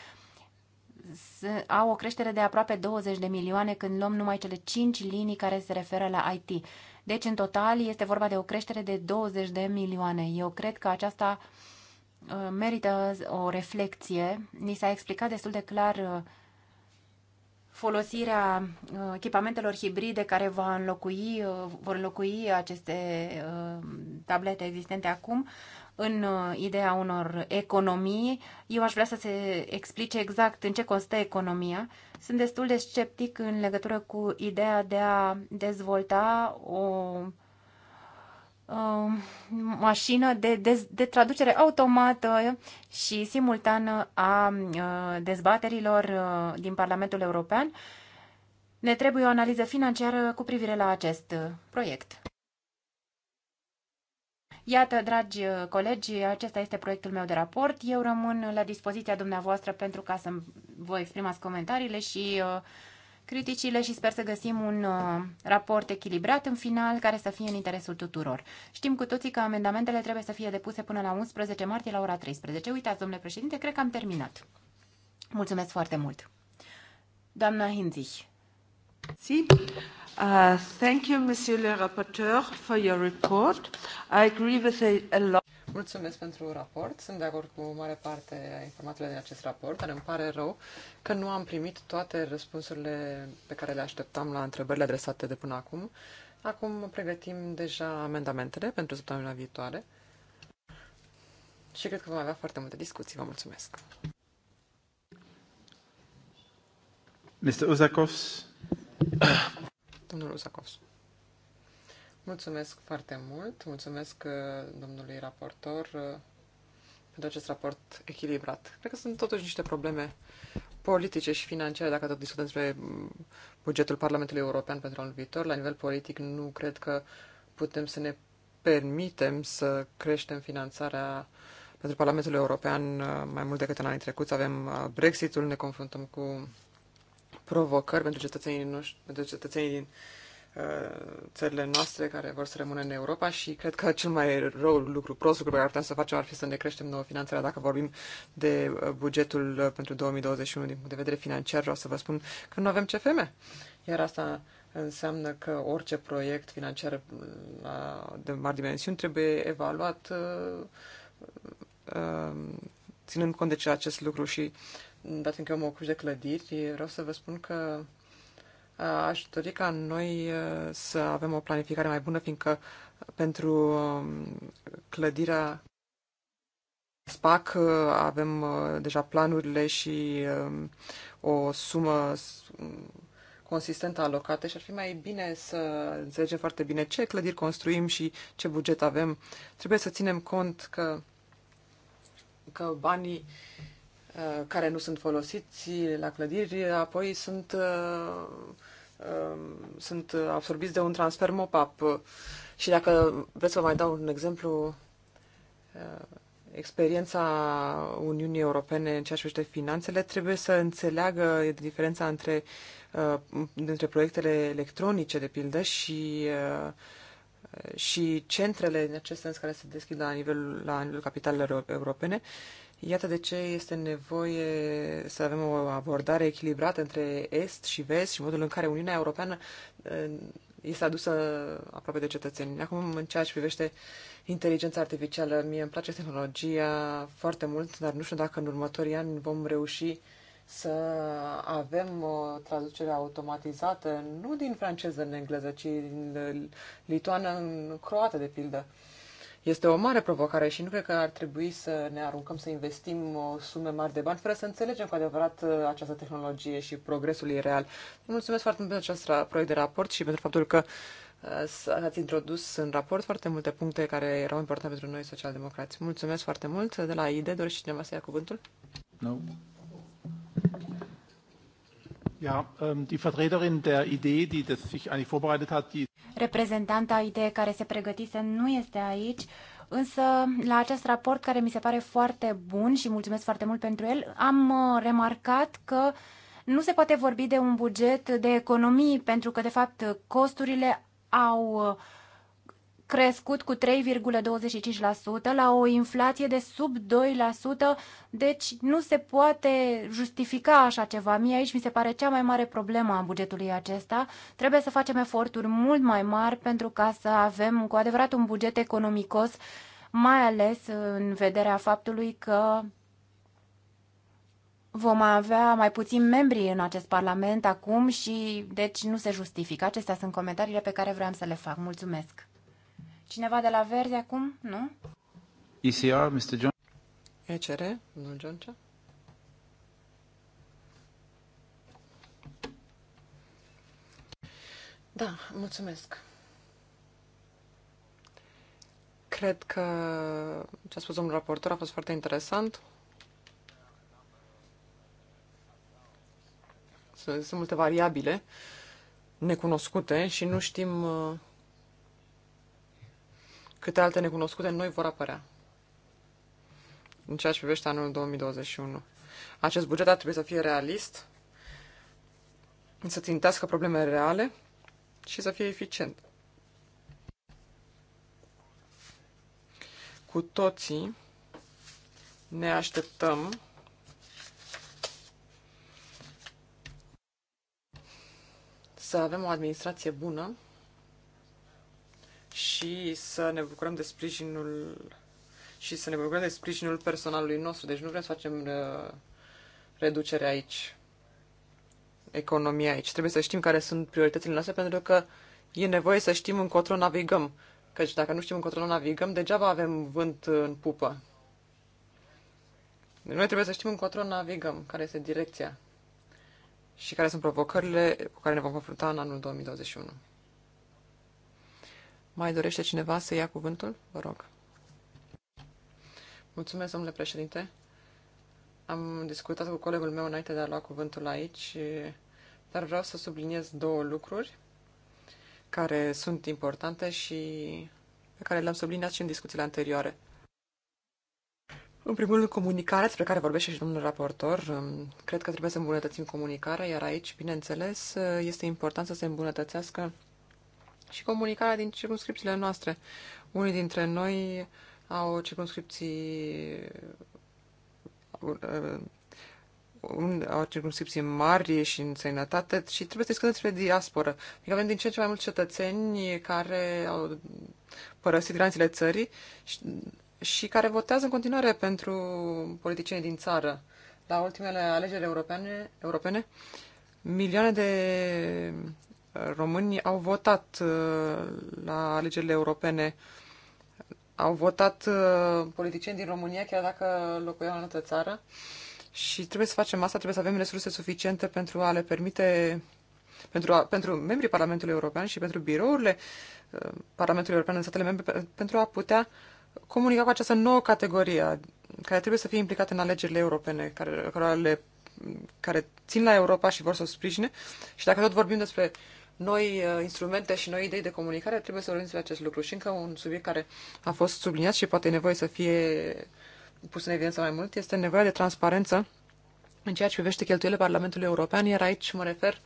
Speaker 1: au o creștere de aproape 20 de milioane când luăm numai cele 5 linii care se referă la IT. Deci, în total, este vorba de o creștere de 20 de milioane. Eu cred că aceasta uh, merită o reflexie. Ni s-a explicat destul de clar uh, folosirea uh, echipamentelor hibride care va înlocui, vor înlocui aceste tablete existente acum în uh, ideea unor economii. Eu aș vrea să se explice exact în ce constă economia. Sunt destul de sceptic în legătură cu ideea de a dezvolta o, o um, mașină de, de, de traducere automată și simultană a uh, dezbaterilor uh, din Parlamentul European. Ne trebuie o analiză financiară cu privire la acest proiect. Iată, dragi colegi, acesta este proiectul meu de raport. Eu rămân la dispoziția dumneavoastră pentru ca să vă exprimați comentariile și uh, criticile și sper să găsim un uh, raport echilibrat în final care să fie în interesul tuturor. Știm cu toții că amendamentele trebuie să fie depuse până la 11 martie la ora 13. Uitați, domnule președinte, cred că am terminat. Mulțumesc foarte mult. Doamna Hinzich, Si. Uh, thank you, Monsieur le Rapporteur, for your
Speaker 3: report. I agree with a, a lot. Mulțumesc pentru raport. Sunt de acord cu mare parte a informațiile din acest raport, dar îmi pare rău că nu am primit toate răspunsurile pe care le așteptam la întrebările adresate de până acum. Acum pregătim deja amendamentele pentru săptămâna viitoare și cred că vom avea foarte multe discuții. Vă mulțumesc.
Speaker 1: Mr. Uzakovs.
Speaker 3: Domnul Uzakov. Mulțumesc foarte mult, mulțumesc uh, domnului raportor uh, pentru acest raport echilibrat. Cred că sunt totuși niște probleme politice și financiare, dacă tot discutăm despre mm, bugetul Parlamentului European pentru anul viitor, la nivel politic nu cred că putem să ne permitem să creștem finanțarea pentru Parlamentul European uh, mai mult decât în anii trecuți. Avem Brexitul, ne confruntăm cu provocări pentru cetățenii, noștri, pentru cetățenii din uh, țările noastre care vor să rămână în Europa și cred că cel mai rău lucru, prost lucru pe care ar putem să facem ar fi să ne creștem nouă finanțele Dacă vorbim de uh, bugetul uh, pentru 2021 din punct de vedere financiar, vreau să vă spun că nu avem CFM. Iar asta înseamnă că orice proiect financiar de mari dimensiuni trebuie evaluat ținând cont de acest lucru și dat încă eu mă ocup de clădiri, vreau să vă spun că aș dori ca noi să avem o planificare mai bună, fiindcă pentru clădirea SPAC avem deja planurile și o sumă consistentă alocată și ar fi mai bine să înțelegem foarte bine ce clădiri construim și ce buget avem. Trebuie să ținem cont că, că banii Uh, care nu sunt folosiți la clădiri, apoi sunt, uh, um, sunt absorbiți de un transfer mop-up. Și dacă vreți să vă mai dau un exemplu, uh, experiența Uniunii Europene în ceea ce privește finanțele trebuie să înțeleagă diferența între, între proiectele electronice, de pildă, și și centrele în acest sens care se deschid la nivelul, la nivelul capitalelor europene Iată de ce este nevoie să avem o abordare echilibrată între Est și Vest și modul în care Uniunea Europeană eh, este adusă aproape de cetățeni. Acum, în ceea ce privește inteligența artificială, mie îmi place tehnologia foarte mult, dar nu știu dacă în următorii ani vom reuși să avem o traducere automatizată, nu din franceză în engleză, ci din lituană în croată, de pildă. Uh, este o mare provocare și nu cred că ar trebui să ne aruncăm să investim o uh, sume mari de bani fără să înțelegem cu adevărat uh, această tehnologie și progresul ei real. Mulțumesc foarte mult pentru acest proiect de raport și pentru faptul că uh, ați introdus în raport foarte multe puncte care erau importante pentru noi socialdemocrați. Mulțumesc foarte mult. De la IDE, dorește cineva să ia cuvântul?
Speaker 1: Nu. No. Ja, ähm, die Vertreterin der Idee, die das sich eigentlich vorbereitet hat, die Reprezentanta idee care se pregătise nu este aici, însă la acest raport care mi se pare foarte bun și mulțumesc foarte mult pentru el, am uh, remarcat că nu se poate vorbi de un buget de economii pentru că de fapt costurile au uh, crescut cu 3,25% la o inflație de sub 2%, deci nu se poate justifica așa ceva. Mie aici mi se pare cea mai mare problemă a bugetului acesta. Trebuie să facem eforturi mult mai mari pentru ca să avem cu adevărat un buget economicos, mai ales în vederea faptului că vom avea mai puțini membri în acest parlament acum și deci nu se justifică. Acestea sunt comentariile pe care vreau să le fac. Mulțumesc! Cineva de la Verzi acum? Nu? ECR, Mr. John.
Speaker 3: ECR, domnul John? Da, mulțumesc. Cred că ce a spus domnul raportor a fost foarte interesant. Sunt, sunt multe variabile necunoscute și nu știm uh, câte alte necunoscute noi vor apărea în ceea ce privește anul 2021. Acest buget ar trebui să fie realist, să țintească probleme reale și să fie eficient. Cu toții ne așteptăm să avem o administrație bună și să ne bucurăm de sprijinul și să ne bucurăm de sprijinul personalului nostru. Deci nu vrem să facem uh, reducere aici, economia aici. Trebuie să știm care sunt prioritățile noastre pentru că e nevoie să știm încotro navigăm. Căci dacă nu știm încotro navigăm, degeaba avem vânt în pupă. Deci noi trebuie să știm încotro navigăm, care este direcția și care sunt provocările cu care ne vom confrunta în anul 2021. Mai dorește cineva să ia cuvântul? Vă rog. Mulțumesc, domnule președinte. Am discutat cu colegul meu înainte de a lua cuvântul aici, dar vreau să subliniez două lucruri care sunt importante și pe care le-am subliniat și în discuțiile anterioare. În primul rând, comunicarea despre care vorbește și domnul raportor. Cred că trebuie să îmbunătățim comunicarea, iar aici, bineînțeles, este important să se îmbunătățească și comunicarea din circunscripțiile noastre. Unii dintre noi au circunscripții uh, au circunscripții mari și în sănătate și trebuie să discutăm despre diasporă. Adică avem din ce în ce mai mulți cetățeni care au părăsit granițele țării și, și care votează în continuare pentru politicienii din țară. La ultimele alegeri europene, europene milioane de românii au votat uh, la alegerile europene. Au votat uh, politicieni din România, chiar dacă locuiau în altă țară. Și trebuie să facem asta, trebuie să avem resurse suficiente pentru a le permite, pentru, a, pentru membrii Parlamentului European și pentru birourile uh, Parlamentului European în statele membre, pentru a putea comunica cu această nouă categorie care trebuie să fie implicată în alegerile europene, care, care, le, care țin la Europa și vor să o sprijine. Și dacă tot vorbim despre uh, noi uh, instrumente și noi idei de comunicare, trebuie să vorbim despre acest lucru. Și încă un subiect care a fost subliniat și poate e nevoie să fie pus în evidență mai mult, este nevoia de transparență în ceea ce privește cheltuielile Parlamentului European, iar aici mă refer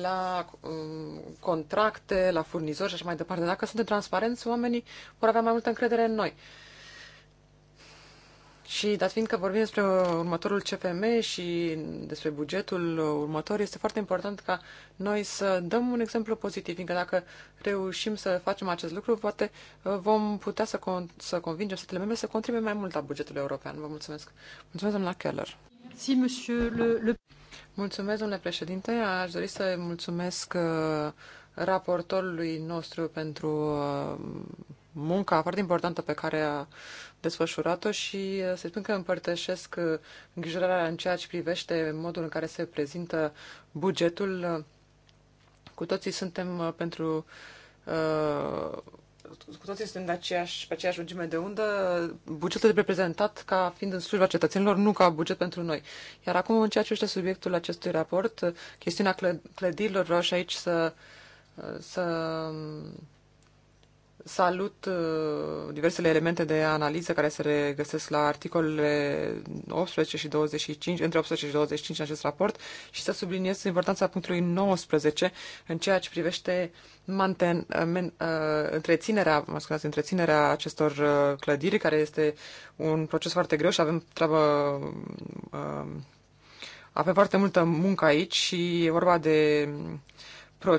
Speaker 3: la um, contracte, la furnizori și așa mai departe. Dacă suntem transparenți, oamenii vor avea mai multă încredere în noi. Uh, și dat fiindcă vorbim despre următorul CFM și despre bugetul următor, este foarte important ca noi să dăm un exemplu pozitiv, fiindcă dacă reușim să facem acest lucru, poate uh, vom putea să, con- să convingem statele membre să contribuie mai mult la bugetul european. Vă mulțumesc. Mulțumesc, doamna Keller. Si, monsieur le, le... Mulțumesc, domnule președinte. Aș dori să mulțumesc uh, raportorului nostru pentru uh, munca foarte importantă pe care a desflorat-o și uh, să spun că împărtășesc uh, îngrijorarea în ceea ce privește modul în care se prezintă bugetul. Uh, cu toții suntem pentru cu toții suntem de aceeași, pe aceeași lungime de undă, bugetul este prezentat ca fiind în slujba cetățenilor, nu ca buget pentru noi. Iar acum, în ceea ce este subiectul acestui raport, chestiunea clădirilor, vreau și aici să, să um, Salut uh, diversele elemente de analiză care se regăsesc la articolele 18 și 25, între 18 și 25 în acest raport și să subliniez importanța punctului 19 în ceea ce privește manten, uh, men, uh, întreținerea, mă scuzați, întreținerea acestor clădiri, care este un proces foarte greu și avem treabă um, avem foarte multă muncă aici și e vorba de,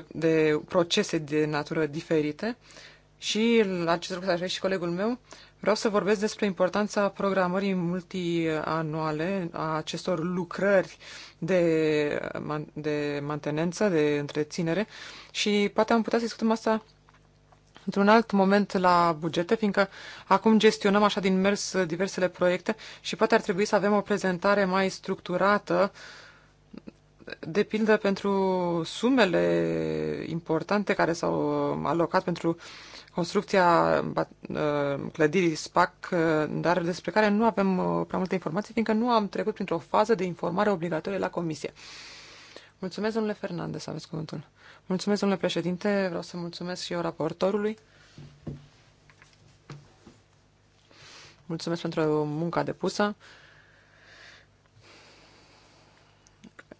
Speaker 3: de procese de natură diferite. Uh, și la acest lucru s și colegul meu. Vreau să vorbesc despre importanța programării multianuale a acestor lucrări de, de mantenență, de întreținere și poate am putea să discutăm asta într-un alt moment la bugete, fiindcă acum gestionăm așa din mers diversele proiecte și poate ar trebui să avem o prezentare mai structurată de pildă pentru sumele importante care s-au alocat pentru construcția uh, clădirii SPAC, uh, dar despre care nu avem uh, prea multe informații, fiindcă nu am trecut printr-o fază de informare obligatorie la comisie. Mulțumesc, domnule Fernandez, aveți cuvântul. Mulțumesc, domnule președinte, vreau să mulțumesc și eu raportorului. Mulțumesc pentru munca depusă.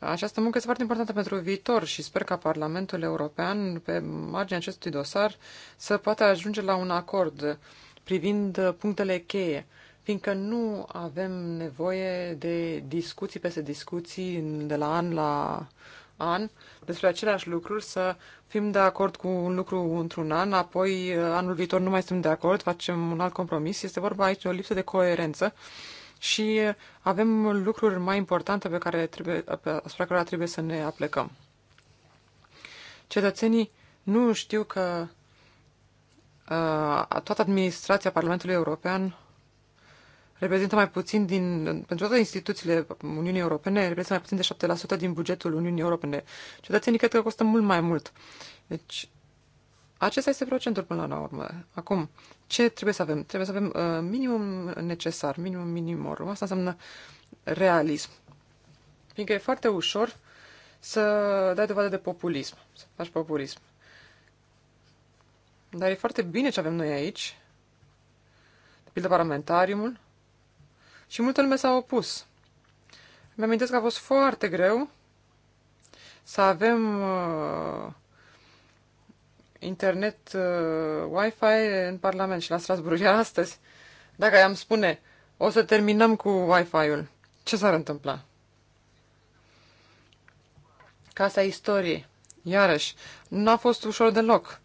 Speaker 3: Această muncă este foarte importantă pentru viitor și sper ca Parlamentul European, pe marginea acestui dosar, să poată ajunge la un acord privind punctele cheie, fiindcă nu avem nevoie de discuții peste discuții de la an la an despre aceleași lucruri, să fim de acord cu un lucru într-un an, apoi anul viitor nu mai suntem de acord, facem un alt compromis. Este vorba aici de o lipsă de coerență și avem lucruri mai importante pe care trebuie, asupra care trebuie să ne aplecăm. Cetățenii nu știu că uh, toată administrația Parlamentului European reprezintă mai puțin din, pentru toate instituțiile Uniunii Europene, reprezintă mai puțin de 7% din bugetul Uniunii Europene. Cetățenii cred că costă mult mai mult. Deci, acesta este procentul până la urmă. Acum, ce trebuie să avem? Trebuie să avem uh, minimum necesar, minimum minimorum. Asta înseamnă realism. Fiindcă e foarte ușor să dai dovadă de populism, să faci populism. Dar e foarte bine ce avem noi aici, de pildă parlamentariumul, și multă lume s-a opus. Mi-amintesc că a fost foarte greu să avem uh, internet uh, Wi-Fi în Parlament și la Strasburg. Iar astăzi, dacă i-am spune, o să terminăm cu Wi-Fi-ul, ce s-ar întâmpla? Casa istoriei, iarăși, nu a fost ușor deloc.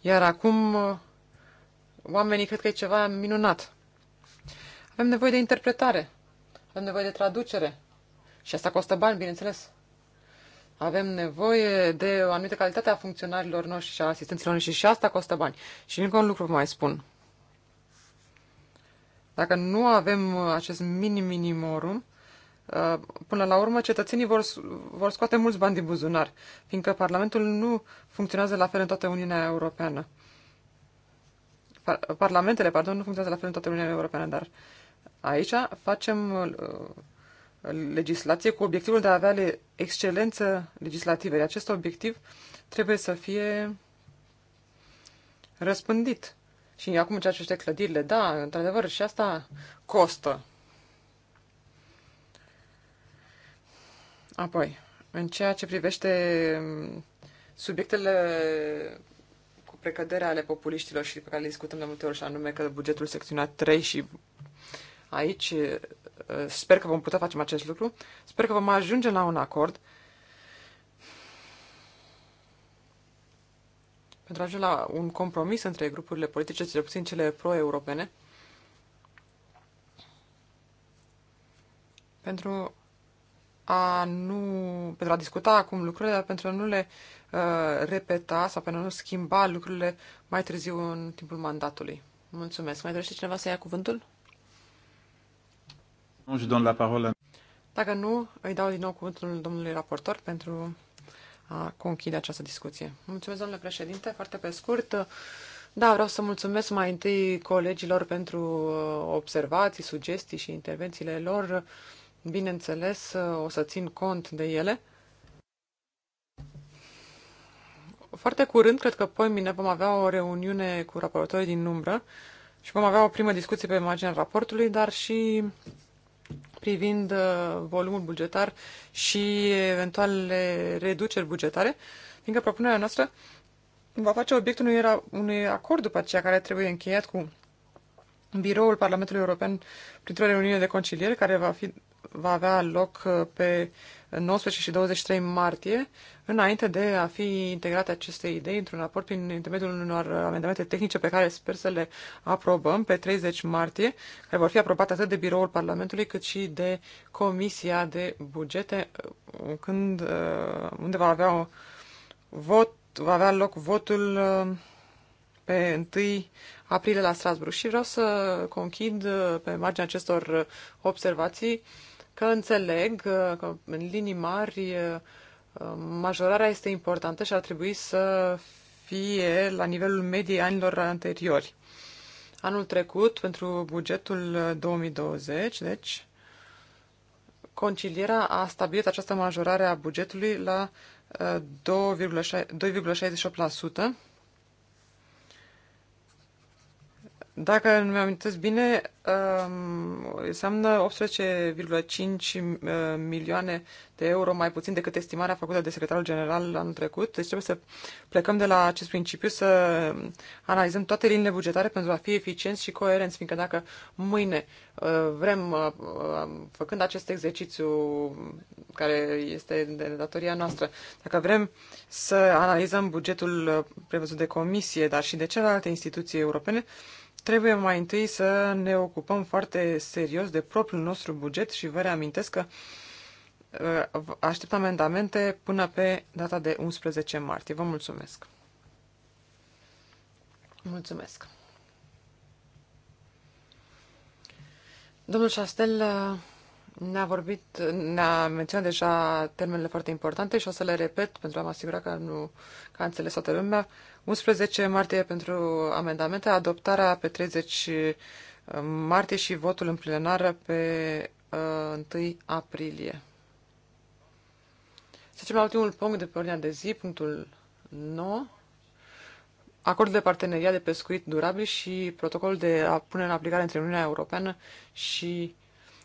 Speaker 3: Iar acum uh, oamenii cred că e ceva minunat. Avem nevoie de interpretare, avem nevoie de traducere. Și asta costă bani, bineînțeles avem nevoie de o anumită calitate a funcționarilor noștri și a asistenților noștri și asta costă bani. Și încă un lucru vă mai spun. Dacă nu avem acest mini-minimorum, uh, până la urmă cetățenii vor, vor scoate mulți bani din buzunar, fiindcă Parlamentul nu funcționează la fel în toată Uniunea Europeană. Par Parlamentele, pardon, nu funcționează la fel în toată Uniunea Europeană, dar aici facem uh, legislație cu obiectivul de a avea excelență legislativă. acest obiectiv trebuie să fie răspândit. Și acum ceea ce clădirile, da, într-adevăr, și asta costă. Apoi, în ceea ce privește subiectele cu precădere ale populiștilor și pe care le discutăm de multe ori, și anume că bugetul secționat 3 și aici Uh, sper că vom putea face acest lucru. Sper că vom ajunge la un acord. Pentru a ajunge la un compromis între grupurile politice, cel puțin cele pro-europene, pentru a nu, pentru a discuta acum lucrurile, dar pentru a nu le uh, repeta sau pentru a nu schimba lucrurile mai târziu în timpul mandatului. Mulțumesc. Mai dorește cineva să ia cuvântul? Dacă nu, îi dau din nou cuvântul domnului raportor pentru a conchide această discuție. Mulțumesc, domnule președinte, foarte pe scurt. Da, vreau să mulțumesc mai întâi colegilor pentru uh, observații, sugestii și intervențiile lor. Bineînțeles, uh, o să țin cont de ele. Foarte curând, cred că poimine vom avea o reuniune cu raportorii din umbră și vom avea o primă discuție pe marginea raportului, dar și privind uh, volumul bugetar și eventualele reduceri bugetare, fiindcă propunerea noastră va face obiectul unui, unui acord după aceea care trebuie încheiat cu Biroul Parlamentului European printr-o reuniune de conciliere care va, fi, va avea loc uh, pe 19 și 23 martie, înainte de a fi integrate aceste idei într-un raport prin intermediul unor amendamente tehnice pe care sper să le aprobăm pe 30 martie, care vor fi aprobate atât de biroul Parlamentului cât și de Comisia de Bugete, uh, când, uh, unde va avea o vot, va avea loc votul uh, pe 1 aprilie la Strasburg. Și vreau să conchid pe marginea acestor observații că înțeleg uh, că în linii mari uh, majorarea este importantă și ar trebui să fie la nivelul mediei anilor anteriori. Anul trecut, pentru bugetul 2020, uh, deci, concilierea a stabilit această majorare a bugetului la 2,68%, Dacă îmi amintesc bine, um, înseamnă 18,5 uh, milioane de euro mai puțin decât estimarea făcută de secretarul general anul trecut. Deci trebuie să plecăm de la acest principiu, să analizăm toate liniile bugetare pentru a fi eficienți și coerenți, fiindcă dacă mâine uh, vrem, uh, făcând acest exercițiu care este de datoria noastră, dacă vrem să analizăm bugetul prevăzut de comisie, dar și de celelalte instituții europene, Trebuie mai întâi să ne ocupăm foarte serios de propriul nostru buget și vă reamintesc că uh, aștept amendamente până pe data de 11 martie. Vă mulțumesc! Mulțumesc! Domnul Șastel uh, ne-a vorbit, ne-a menționat deja termenele foarte importante și o să le repet pentru a mă asigura că nu că a înțeles toată lumea. 11 martie pentru amendamente, adoptarea pe 30 uh, martie și votul în plenară pe uh, 1 aprilie. Să trecem la ultimul punct de pe ordinea de zi, punctul 9. Acordul de parteneriat de pescuit durabil și protocolul de a pune în aplicare între Uniunea Europeană și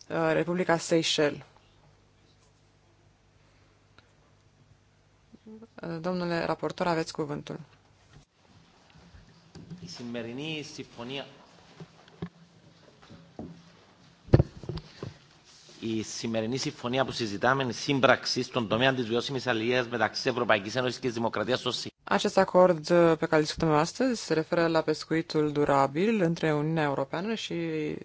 Speaker 3: uh, Republica Seychelles. Domnule raportor, aveți cuvântul η σημερινή συμφωνία η σημερινή συμφωνία που συζητάμε είναι σύμπραξη στον τομέα τη βιώσιμη αλληλεία μεταξύ Ευρωπαϊκή Ένωση και
Speaker 1: Δημοκρατία στο ΣΥ.
Speaker 3: Acest acord pe care îl discutăm astăzi se referă la pescuitul durabil între Uniunea Europeană și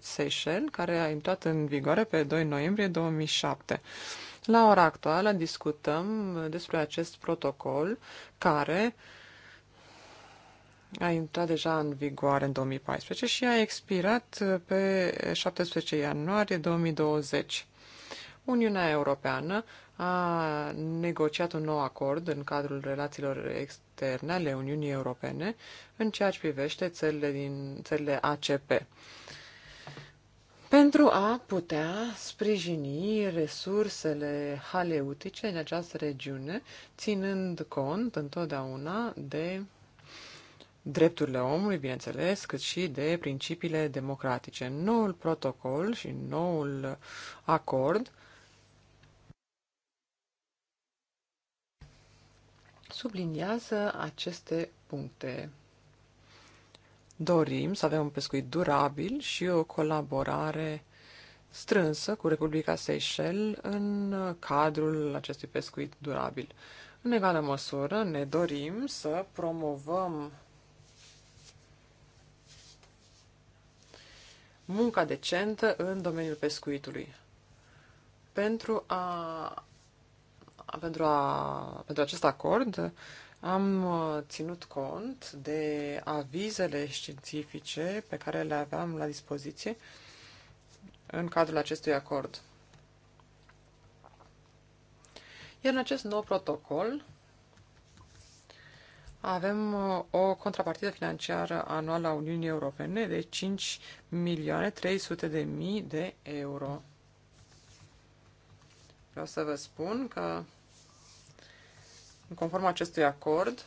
Speaker 3: Seychelles, care a intrat în vigoare pe 2 noiembrie 2007. La ora actuală discutăm despre acest protocol care uh, a intrat deja în vigoare în 2014 și a expirat pe 17 ianuarie 2020. Uniunea Europeană a negociat un nou acord în cadrul relațiilor externe ale Uniunii Europene în ceea ce privește țările, din, țările ACP pentru a putea sprijini resursele haleutice în această regiune, ținând cont întotdeauna de drepturile omului, bineînțeles, cât și de principiile democratice. Noul protocol și noul acord subliniază aceste puncte. Dorim să avem un pescuit durabil și o colaborare strânsă cu Republica Seychelles în cadrul acestui pescuit durabil. În egală măsură, ne dorim să promovăm munca decentă în domeniul pescuitului. Pentru a pentru, a, pentru acest acord am uh, ținut cont de avizele științifice pe care le aveam la dispoziție în cadrul acestui acord. Iar în acest nou protocol avem uh, o contrapartidă financiară anuală a Uniunii Europene de 5 milioane 300 de mii de euro. Vreau să vă spun că, conform acestui acord,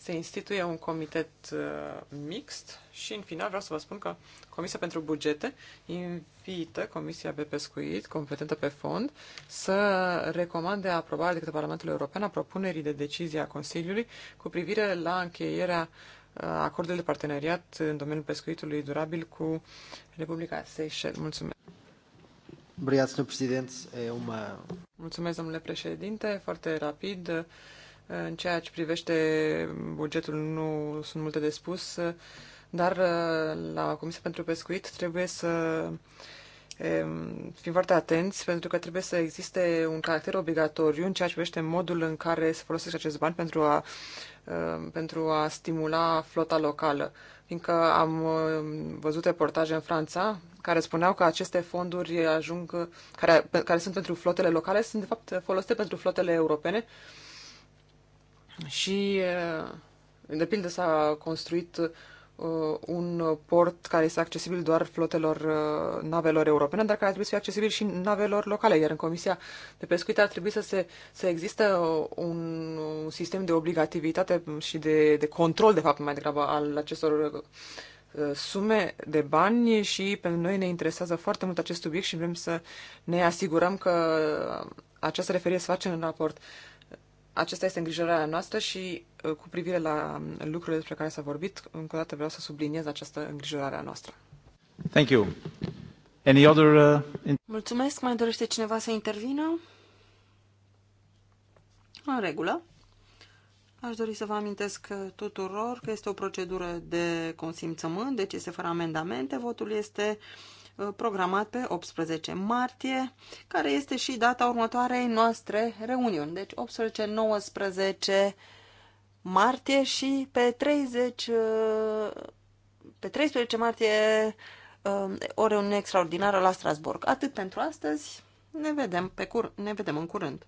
Speaker 3: se instituie un comitet uh, mixt și, în final, vreau să vă spun că Comisia pentru Bugete invită Comisia pe Pescuit, competentă pe fond, să recomande aprobarea de către Parlamentul European a propunerii de decizie a Consiliului cu privire la încheierea uh, acordului de parteneriat în domeniul pescuitului durabil cu Republica Seychelles. Mulțumesc! Mulțumesc, domnule președinte. Foarte rapid. În ceea ce privește bugetul nu sunt multe de spus, dar uh, la Comisia pentru Pescuit trebuie să fim foarte atenți pentru că trebuie să existe un caracter obligatoriu în ceea ce privește modul în care se folosește acest bani pentru a, uh, pentru a stimula flota locală. Fiindcă am uh, văzut reportaje în Franța care spuneau că aceste fonduri ajung, care, care sunt pentru flotele locale, sunt de fapt folosite pentru flotele europene și, uh, de pildă, s-a construit uh, un port care este accesibil doar flotelor uh, navelor europene, dar care ar trebui să fie accesibil și navelor locale. Iar în Comisia de Pescuit ar trebui să, se, să există un, sistem de obligativitate și de, de control, de fapt, mai degrabă, al acestor sume de bani și pe noi ne interesează foarte mult acest subiect și vrem să ne asigurăm că această referire se face în raport. Aceasta este îngrijorarea noastră și uh, cu privire la um, lucrurile despre care s-a vorbit, încă o dată vreau să
Speaker 2: subliniez această îngrijorare a noastră.
Speaker 1: Thank you. Any other, uh, in...
Speaker 2: Mulțumesc. Mai dorește cineva să intervină? În regulă. Aș dori să vă amintesc uh, tuturor că este o procedură de consimțământ, deci este fără amendamente. Votul este uh, Uh, programat pe 18 martie, care este și data următoarei noastre reuniuni, deci 18-19 martie și pe 30 uh, pe 13 martie uh, o reuniune extraordinară la Strasburg. Atât pentru astăzi. Ne vedem, pe cur- ne vedem în curând.